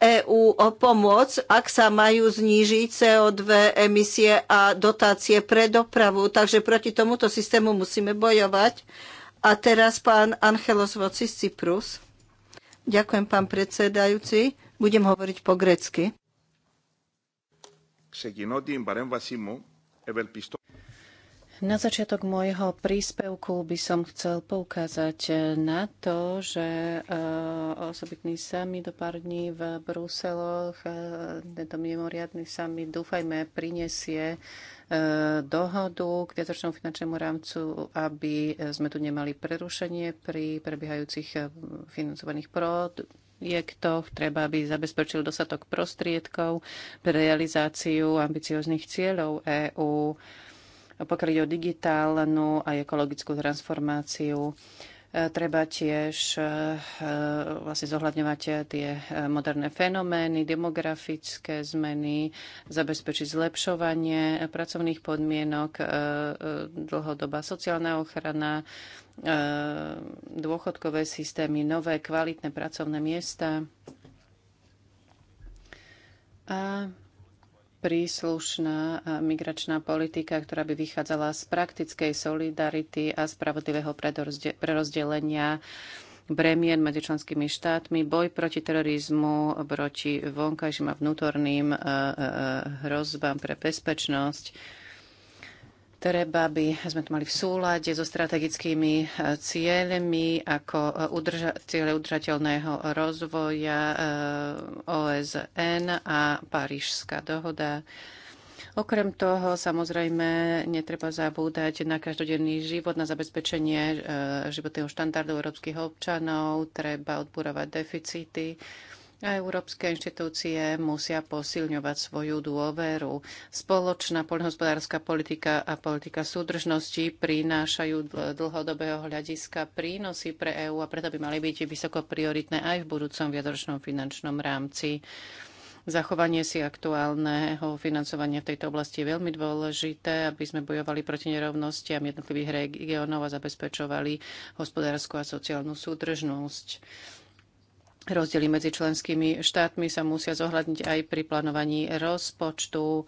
EÚ o pomoc, ak sa majú znížiť CO2 emisie a dotácie pre dopravu. Takže proti tomuto systému musíme bojovať. A teraz pán Angelos Vocis Cyprus. Ďakujem, pán predsedajúci. Budem hovoriť po grecky. Na začiatok môjho príspevku by som chcel poukázať na to, že e, osobitný sami do pár dní v Bruseloch, e, tento mimoriadný sami dúfajme, prinesie dohodu k viacročnému finančnému rámcu, aby sme tu nemali prerušenie pri prebiehajúcich eh, financovaných projektoch. Treba, aby zabezpečil dostatok prostriedkov pre realizáciu ambicióznych cieľov EÚ, pokiaľ ide o digitálnu a ekologickú transformáciu E, treba tiež e, e, vlastne zohľadňovať tie moderné fenomény, demografické zmeny, zabezpečiť zlepšovanie pracovných podmienok, dlhodobá sociálna ochrana, dôchodkové systémy, nové kvalitné pracovné miesta. A príslušná eh, migračná politika, ktorá by vychádzala z praktickej solidarity a spravodlivého prerozdelenia bremien medzi členskými štátmi, boj proti terorizmu, proti vonkajším a vnútorným eh, eh, hrozbám pre bezpečnosť, Treba, aby sme to mali v súlade so strategickými e, cieľmi ako e, udrža- cieľe udržateľného rozvoja e, OSN a Parížská dohoda. Okrem toho, samozrejme, netreba zabúdať na každodenný život, na zabezpečenie životného štandardu európskych občanov, treba odburovať deficity a európske inštitúcie musia posilňovať svoju dôveru. Spoločná poľnohospodárska politika a politika súdržnosti prinášajú dlhodobého hľadiska prínosy pre EÚ a preto by mali byť vysoko prioritné aj v budúcom viadročnom finančnom rámci. Zachovanie si aktuálneho financovania v tejto oblasti je veľmi dôležité, aby sme bojovali proti nerovnostiam jednotlivých regiónov a zabezpečovali hospodárskú a sociálnu súdržnosť. Rozdiely medzi členskými štátmi sa musia zohľadniť aj pri plánovaní rozpočtu e,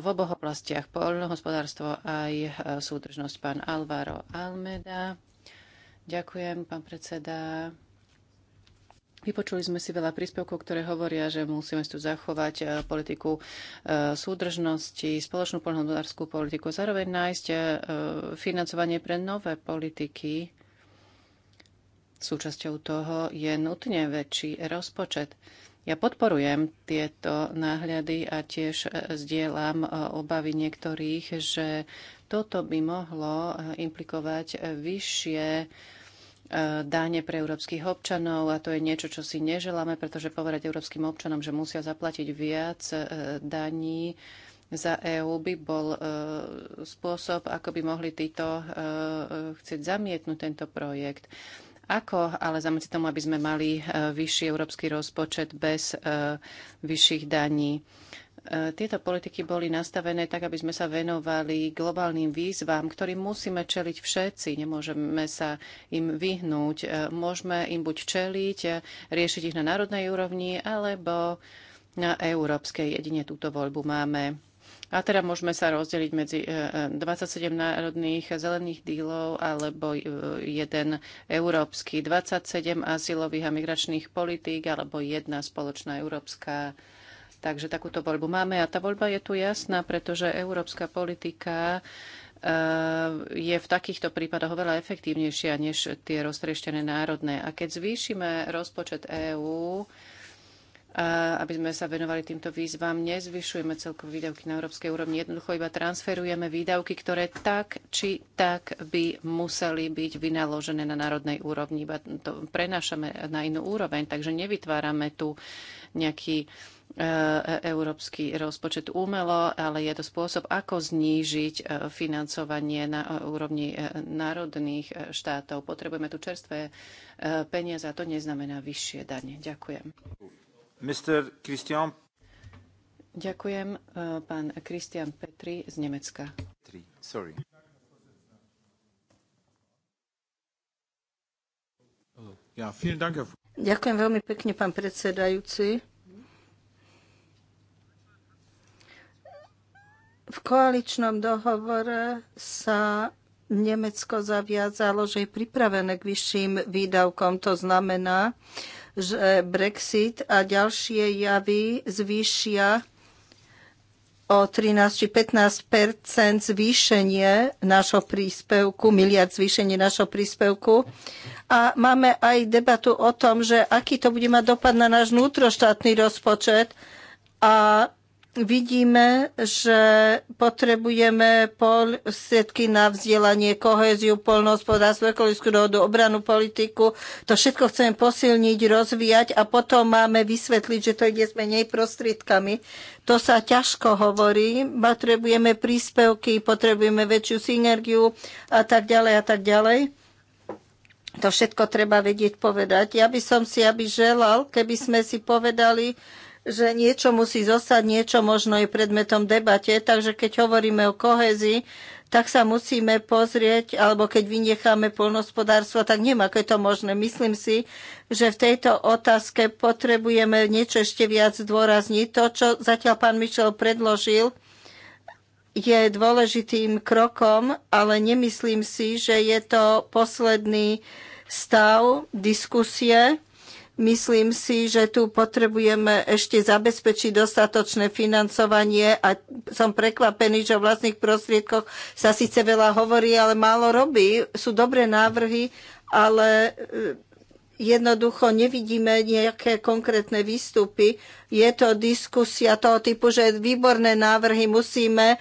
v oboch oblastiach poľnohospodárstvo aj e, súdržnosť. Pán Alvaro Almeda. Ďakujem, pán predseda. Vypočuli sme si veľa príspevkov, ktoré hovoria, že musíme tu zachovať e, politiku súdržnosti, spoločnú poľnohospodárskú politiku, zároveň nájsť financovanie pre nové politiky Súčasťou toho je nutne väčší rozpočet. Ja podporujem tieto náhľady a tiež e, zdieľam e, obavy niektorých, že toto by mohlo e, implikovať vyššie dáne pre európskych občanov a to je niečo, čo si neželáme, pretože povedať európskym občanom, že musia zaplatiť viac daní za EÚ by bol spôsob, ako by mohli títo chcieť zamietnúť tento projekt. Ako ale zamedziť tomu, aby sme mali e, vyšší európsky rozpočet bez e, vyšších daní? E, tieto politiky boli nastavené tak, aby sme sa venovali globálnym výzvam, ktorým musíme čeliť všetci. Nemôžeme sa im vyhnúť. Môžeme im buď čeliť, riešiť ich na národnej úrovni, alebo na európskej. Jedine túto voľbu máme. A teda môžeme sa rozdeliť medzi 27 e, e, národných zelených dílov alebo e, jeden európsky, 27 asilových a migračných politík alebo jedna spoločná európska. Takže takúto voľbu máme a tá voľba je tu jasná, pretože európska politika je v takýchto prípadoch oveľa efektívnejšia než tie roztrieštené národné. A keď zvýšime rozpočet EÚ, aby sme sa venovali týmto výzvam. Nezvyšujeme celkové výdavky na európskej úrovni, jednoducho iba transferujeme výdavky, ktoré tak či tak by museli byť vynaložené na národnej úrovni. Iba to prenášame na inú úroveň, takže nevytvárame tu nejaký e, európsky rozpočet umelo, ale je to spôsob, ako znížiť e, financovanie na e, úrovni národných štátov. Potrebujeme tu čerstvé peniaze a to neznamená vyššie dane. Ďakujem. Ďakujem, e, pán Kristian Petri z Nemecka. Ďakujem veľmi pekne, pán predsedajúci. V koaličnom dohovore sa Nemecko zaviazalo, že je pripravené k vyšším výdavkom. To znamená, že Brexit a ďalšie javy zvýšia o 13 či 15 zvýšenie nášho príspevku, miliard zvýšenie nášho príspevku. A máme aj debatu o tom, že aký to bude mať dopad na náš vnútroštátny rozpočet a vidíme, že potrebujeme prostriedky na vzdelanie, kohéziu, polnohospodárstvo, ekologickú dohodu, obranu, politiku. To všetko chceme posilniť, rozvíjať a potom máme vysvetliť, že to ide s menej prostriedkami. To sa ťažko hovorí. Potrebujeme príspevky, potrebujeme väčšiu synergiu a tak ďalej a tak ďalej. To všetko treba vedieť povedať. Ja by som si, aby želal, keby sme si povedali, že niečo musí zostať, niečo možno je predmetom debate, takže keď hovoríme o kohezii, tak sa musíme pozrieť, alebo keď vynecháme polnospodárstvo, tak neviem, ako je to možné. Myslím si, že v tejto otázke potrebujeme niečo ešte viac zdôrazniť. To, čo zatiaľ pán Mičel predložil, je dôležitým krokom, ale nemyslím si, že je to posledný stav diskusie Myslím si, že tu potrebujeme ešte zabezpečiť dostatočné financovanie a som prekvapený, že o vlastných prostriedkoch sa síce veľa hovorí, ale málo robí. Sú dobré návrhy, ale jednoducho nevidíme nejaké konkrétne výstupy. Je to diskusia toho typu, že výborné návrhy musíme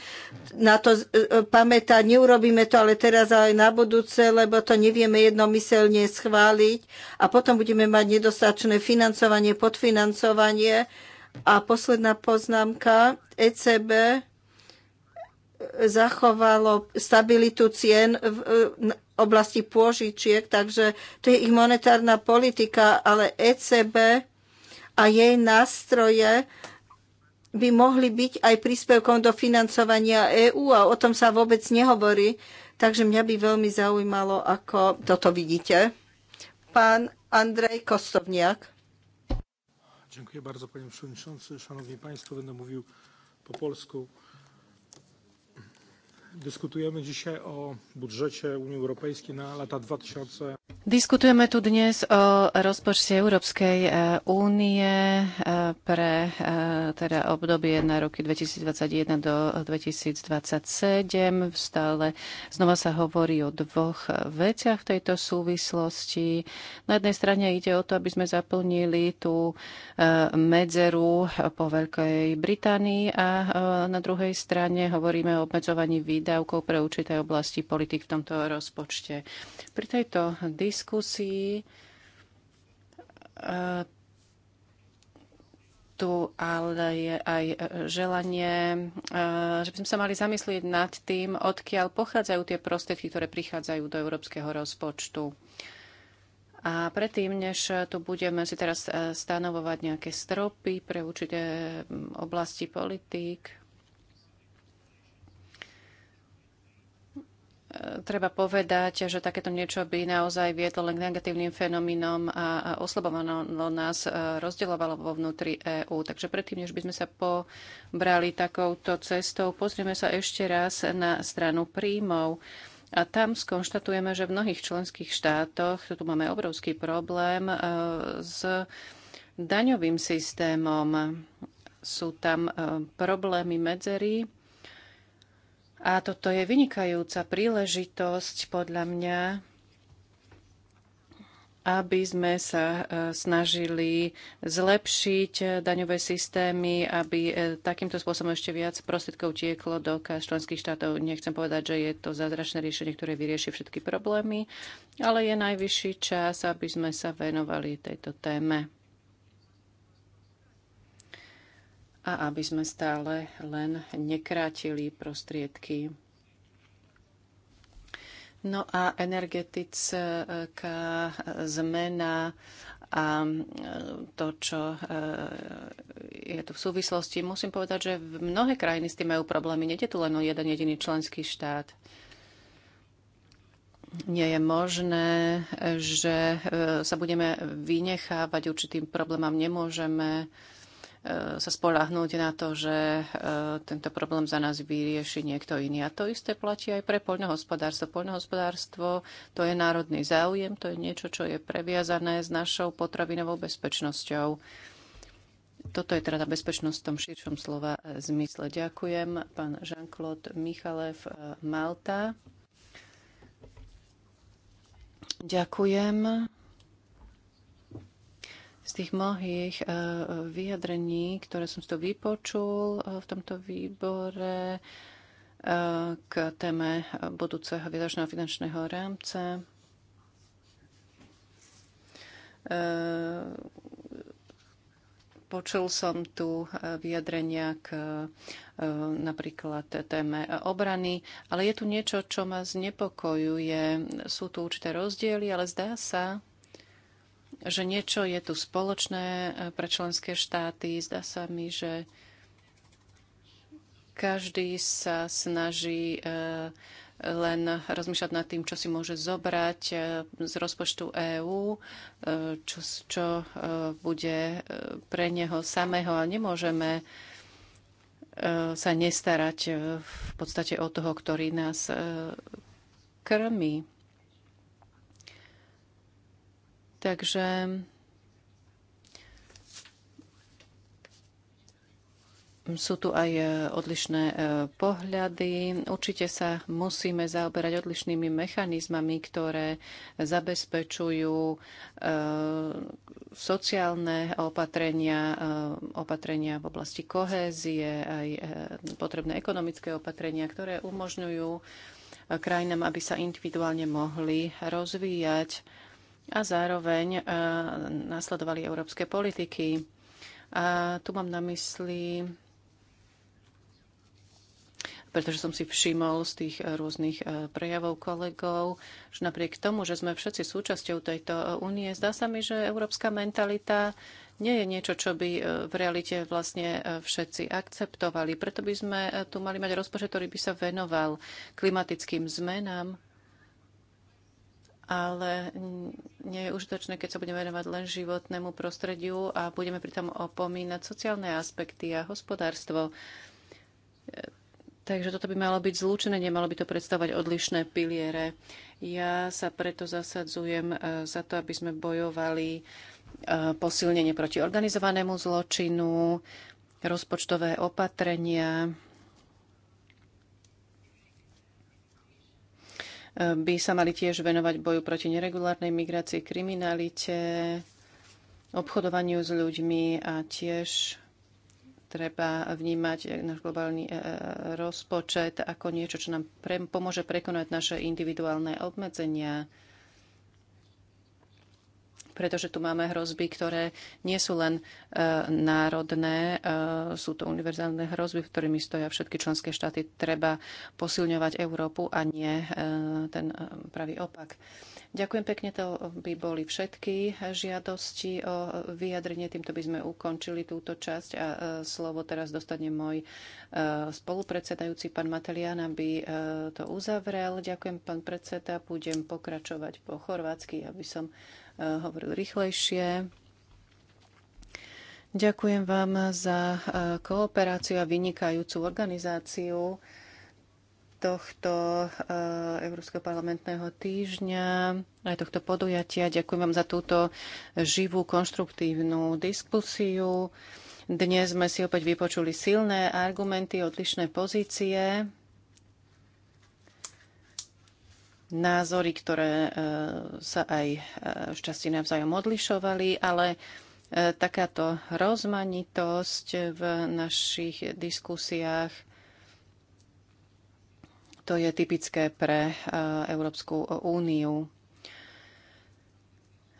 na to e, pamätať. Neurobíme to ale teraz aj na budúce, lebo to nevieme jednomyselne schváliť. A potom budeme mať nedostačné financovanie, podfinancovanie. A posledná poznámka. ECB zachovalo stabilitu cien v e, oblasti pôžičiek, takže to je ich monetárna politika, ale ECB a jej nástroje by mohli byť aj príspevkom do financovania EÚ a o tom sa vôbec nehovorí. Takže mňa by veľmi zaujímalo, ako toto vidíte. Pán Andrej Kostovniak. Dziękuję bardzo panie przewodniczący. Szanowni państwo, będę mówił po polsku. Dyskutujemy dzisiaj o budżecie Unii Europejskiej na lata 2000. Diskutujeme tu dnes o rozpočte Európskej e, únie e, pre e, teda obdobie na roky 2021 do 2027. Stále znova sa hovorí o dvoch veciach v tejto súvislosti. Na jednej strane ide o to, aby sme zaplnili tú medzeru po Veľkej Británii a na druhej strane hovoríme o obmedzovaní výdajov výdavkov pre určité oblasti politik v tomto rozpočte. Pri tejto diskusii e, tu ale je aj želanie, e, že by sme sa mali zamyslieť nad tým, odkiaľ pochádzajú tie prostriedky, ktoré prichádzajú do európskeho rozpočtu. A predtým, než tu budeme si teraz e, stanovovať nejaké stropy pre určité oblasti politík, treba povedať, že takéto niečo by naozaj viedlo len k negatívnym fenomínom a oslabovalo nás, e, rozdielovalo vo vnútri EÚ. Takže predtým, než by sme sa pobrali takouto cestou, pozrieme sa ešte raz na stranu príjmov. A tam skonštatujeme, že v mnohých členských štátoch, tu máme obrovský problém e, s daňovým systémom. Sú tam e, problémy medzery a toto je vynikajúca príležitosť podľa mňa, aby sme sa e, snažili zlepšiť e, daňové systémy, aby e, takýmto spôsobom ešte viac prostriedkov tieklo do členských štátov. Nechcem povedať, že je to zázračné riešenie, ktoré vyrieši všetky problémy, ale je najvyšší čas, aby sme sa venovali tejto téme. a aby sme stále len nekrátili prostriedky. No a energetická zmena a to, čo e, je tu v súvislosti, musím povedať, že mnohé krajiny s tým majú problémy. Nede tu len jeden jediný členský štát nie je možné, že e, sa budeme vynechávať určitým problémom. Nemôžeme E, sa spolahnúť na to, že e, tento problém za nás vyrieši niekto iný. A to isté platí aj pre poľnohospodárstvo. Poľnohospodárstvo to je národný záujem, to je niečo, čo je previazané s našou potravinovou bezpečnosťou. Toto je teda tá bezpečnosť v tom širšom slova zmysle. Ďakujem, pán Jean-Claude Michalev, e, Malta. Ďakujem z tých mnohých eh, vyjadrení, ktoré som si to vypočul eh, v tomto výbore eh, k téme budúceho výdačného finančného rámca, Počul som tu vyjadrenia k napríklad téme obrany, ale je tu niečo, čo ma znepokojuje. Sú tu určité rozdiely, ale zdá sa, že niečo je tu spoločné eh, pre členské štáty. Zdá sa mi, že každý sa snaží eh, len rozmýšľať nad tým, čo si môže zobrať eh, z rozpočtu EÚ, čo, čo bude pre neho samého, a nemôžeme sa nestarať v podstate o toho, ktorý nás krmi. Takže sú tu aj e, odlišné e, pohľady. Určite sa musíme zaoberať odlišnými mechanizmami, ktoré zabezpečujú e, sociálne opatrenia, opatrenia v oblasti kohézie, aj potrebné ekonomické opatrenia, ktoré umožňujú krajinám, aby sa individuálne mohli rozvíjať a zároveň e, nasledovali európske politiky. A tu mám na mysli pretože som si všimol z tých e, rôznych e, prejavov kolegov, že napriek tomu, že sme všetci súčasťou tejto únie, zdá sa mi, že európska mentalita nie je niečo, čo by v realite vlastne všetci akceptovali. Preto by sme tu mali mať rozpočet, ktorý by sa venoval klimatickým zmenám, ale nie je užitočné, keď sa budeme venovať len životnému prostrediu a budeme pritom opomínať sociálne aspekty a hospodárstvo. Takže toto by malo byť zlúčené, nemalo by to predstavovať odlišné piliere. Ja sa preto zasadzujem e, za to, aby sme bojovali e, posilnenie proti organizovanému zločinu, rozpočtové opatrenia, by sa mali tiež venovať boju proti neregulárnej migrácii, kriminalite, obchodovaniu s ľuďmi a tiež treba vnímať náš globálny e, e, rozpočet ako niečo, čo nám pre, pomôže prekonať naše individuálne obmedzenia pretože tu máme hrozby, ktoré nie sú len e, národné, e, sú to univerzálne hrozby, v ktorými stoja všetky členské štáty. Treba posilňovať Európu a nie e, ten e, pravý opak. E, Ďakujem pekne, to by boli všetky žiadosti o vyjadrenie. Týmto by sme ukončili túto časť a e, slovo teraz dostane môj e, spolupredsedajúci pán Matelian, aby e, to uzavrel. Ďakujem, pán predseda. Budem pokračovať po chorvátsky, aby som hovoril rýchlejšie. Ďakujem vám za kooperáciu a vynikajúcu organizáciu tohto eh, Európskeho parlamentného týždňa, aj tohto podujatia. Ďakujem vám za túto živú, konštruktívnu diskusiu. Dnes sme si opäť vypočuli silné argumenty, odlišné pozície, názory, ktoré eh, sa aj šťastie eh, navzájom odlišovali, ale takáto rozmanitosť v našich diskusiách to je typické pre e, Európsku úniu.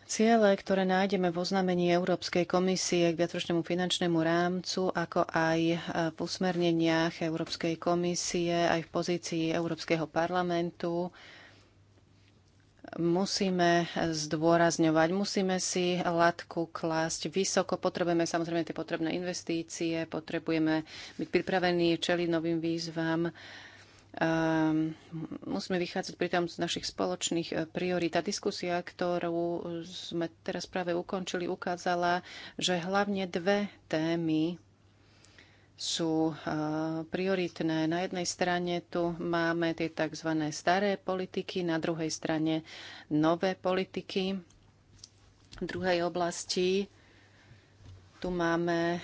Ciele, ktoré nájdeme v oznámení Európskej komisie k viacročnému finančnému rámcu, ako aj e, v usmerneniach Európskej komisie, aj v pozícii Európskeho parlamentu, musíme zdôrazňovať, musíme si latku klásť vysoko, potrebujeme samozrejme tie potrebné investície, potrebujeme byť pripravení čeliť novým výzvam, Ehm, musíme vychádzať pritom z našich spoločných eh, priorít. Tá diskusia, ktorú sme teraz práve ukončili, ukázala, že hlavne dve témy sú eh, prioritné. Na jednej strane tu máme tie tzv. staré politiky, na druhej strane nové politiky. V druhej oblasti tu máme eh,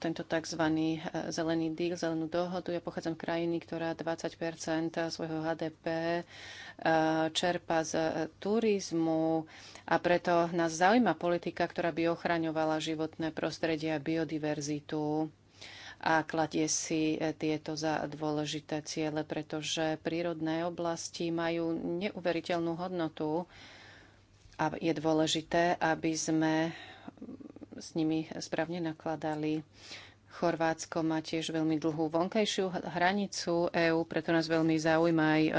tento tzv. Eh, zelený deal, zelenú dohodu. Ja pochádzam z krajiny, ktorá 20 svojho HDP eh, čerpa z turizmu a preto nás zaujíma politika, ktorá by ochraňovala životné prostredie a biodiverzitu a kladie si tieto za dôležité ciele, pretože prírodné oblasti majú neuveriteľnú hodnotu a je dôležité, aby sme s nimi správne nakladali. Chorvátsko má tiež veľmi dlhú vonkajšiu hranicu EÚ, preto nás veľmi zaujíma aj e,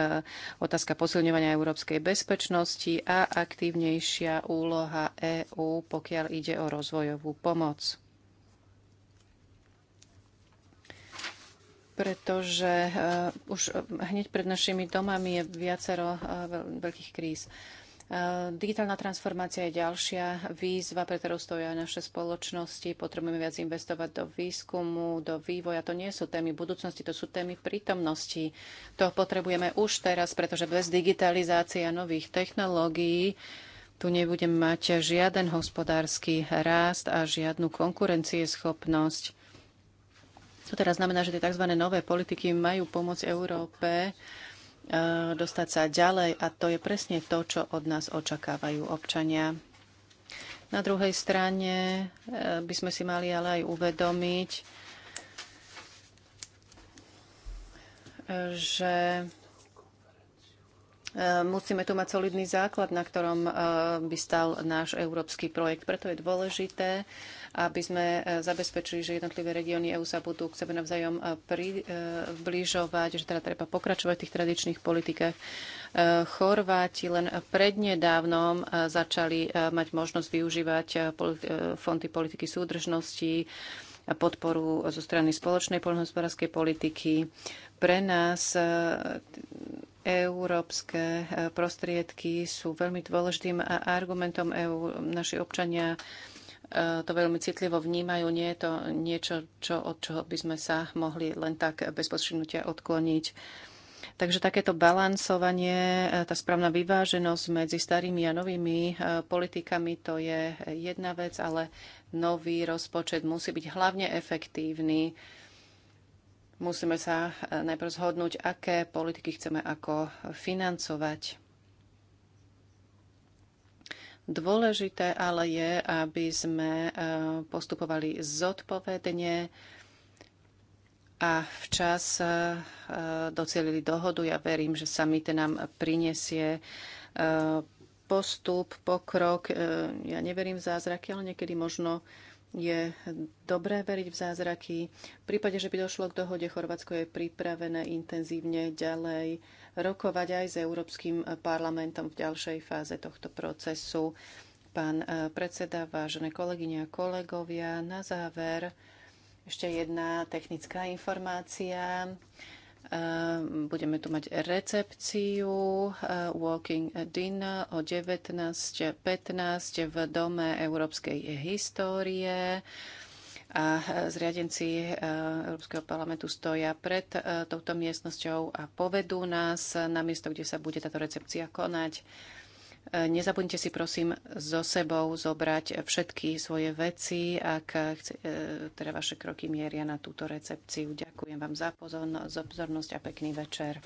otázka posilňovania európskej bezpečnosti a aktívnejšia úloha EÚ, pokiaľ ide o rozvojovú pomoc. pretože e, už e, hneď pred našimi domami je viacero veľkých kríz. Eh, digitálna transformácia je ďalšia výzva, pre ktorú stojí naše spoločnosti. Potrebujeme viac investovať do výskumu, do vývoja. To nie sú témy budúcnosti, to sú témy prítomnosti. To potrebujeme už teraz, pretože bez digitalizácie a nových technológií tu nebudeme mať žiaden hospodársky rast a žiadnu konkurencieschopnosť. To teraz znamená, že tie tzv. nové politiky majú pomôcť Európe Eh, dostať sa ďalej a to je presne to, čo od nás očakávajú občania. Na druhej strane eh, by sme si mali ale aj uvedomiť, eh, že musíme tu mať solidný základ, na ktorom by stal náš európsky projekt. Preto je dôležité, aby sme e, zabezpečili, že jednotlivé regióny EÚ sa budú k sebe navzájom e, približovať, e, že teda treba pokračovať v tých tradičných politikách. Chorváti len prednedávnom začali mať možnosť využívať fondy politiky súdržnosti, a podporu zo strany spoločnej poľnohospodárskej politiky. Pre nás európske prostriedky sú veľmi dôležitým argumentom EÚ. Naši občania Eh, to veľmi citlivo vnímajú. Nie je to niečo, čo, od čoho by sme sa mohli len tak bez podšinutia odkloniť. Takže takéto balansovanie, eh, tá správna vyváženosť medzi starými a novými eh, politikami, to je jedna vec, ale nový rozpočet musí byť hlavne efektívny. Musíme sa najprv zhodnúť, aké politiky chceme ako financovať. Dôležité ale je, aby sme e, postupovali zodpovedne a včas e, e, docielili dohodu. Ja verím, že summit nám prinesie postup, pokrok. Ja neverím v zázraky, ale niekedy možno je dobré veriť v zázraky. V prípade, že by došlo k dohode, Chorvátsko je pripravené intenzívne ďalej rokovať aj s Európskym parlamentom v ďalšej fáze tohto procesu. Pán eh, predseda, vážené kolegyne a kolegovia, na záver ešte jedna technická informácia. Ehm, budeme tu mať recepciu, eh, walking dinner o 19.15 v Dome Európskej histórie a eh, zriadenci eh, Európskeho parlamentu stoja pred touto miestnosťou a povedú nás na miesto, kde sa bude táto recepcia konať. Nezabudnite si prosím so sebou zobrať všetky svoje veci, ak chce, e, teda vaše kroky mieria na túto recepciu. Ďakujem vám za pozornosť a pekný večer.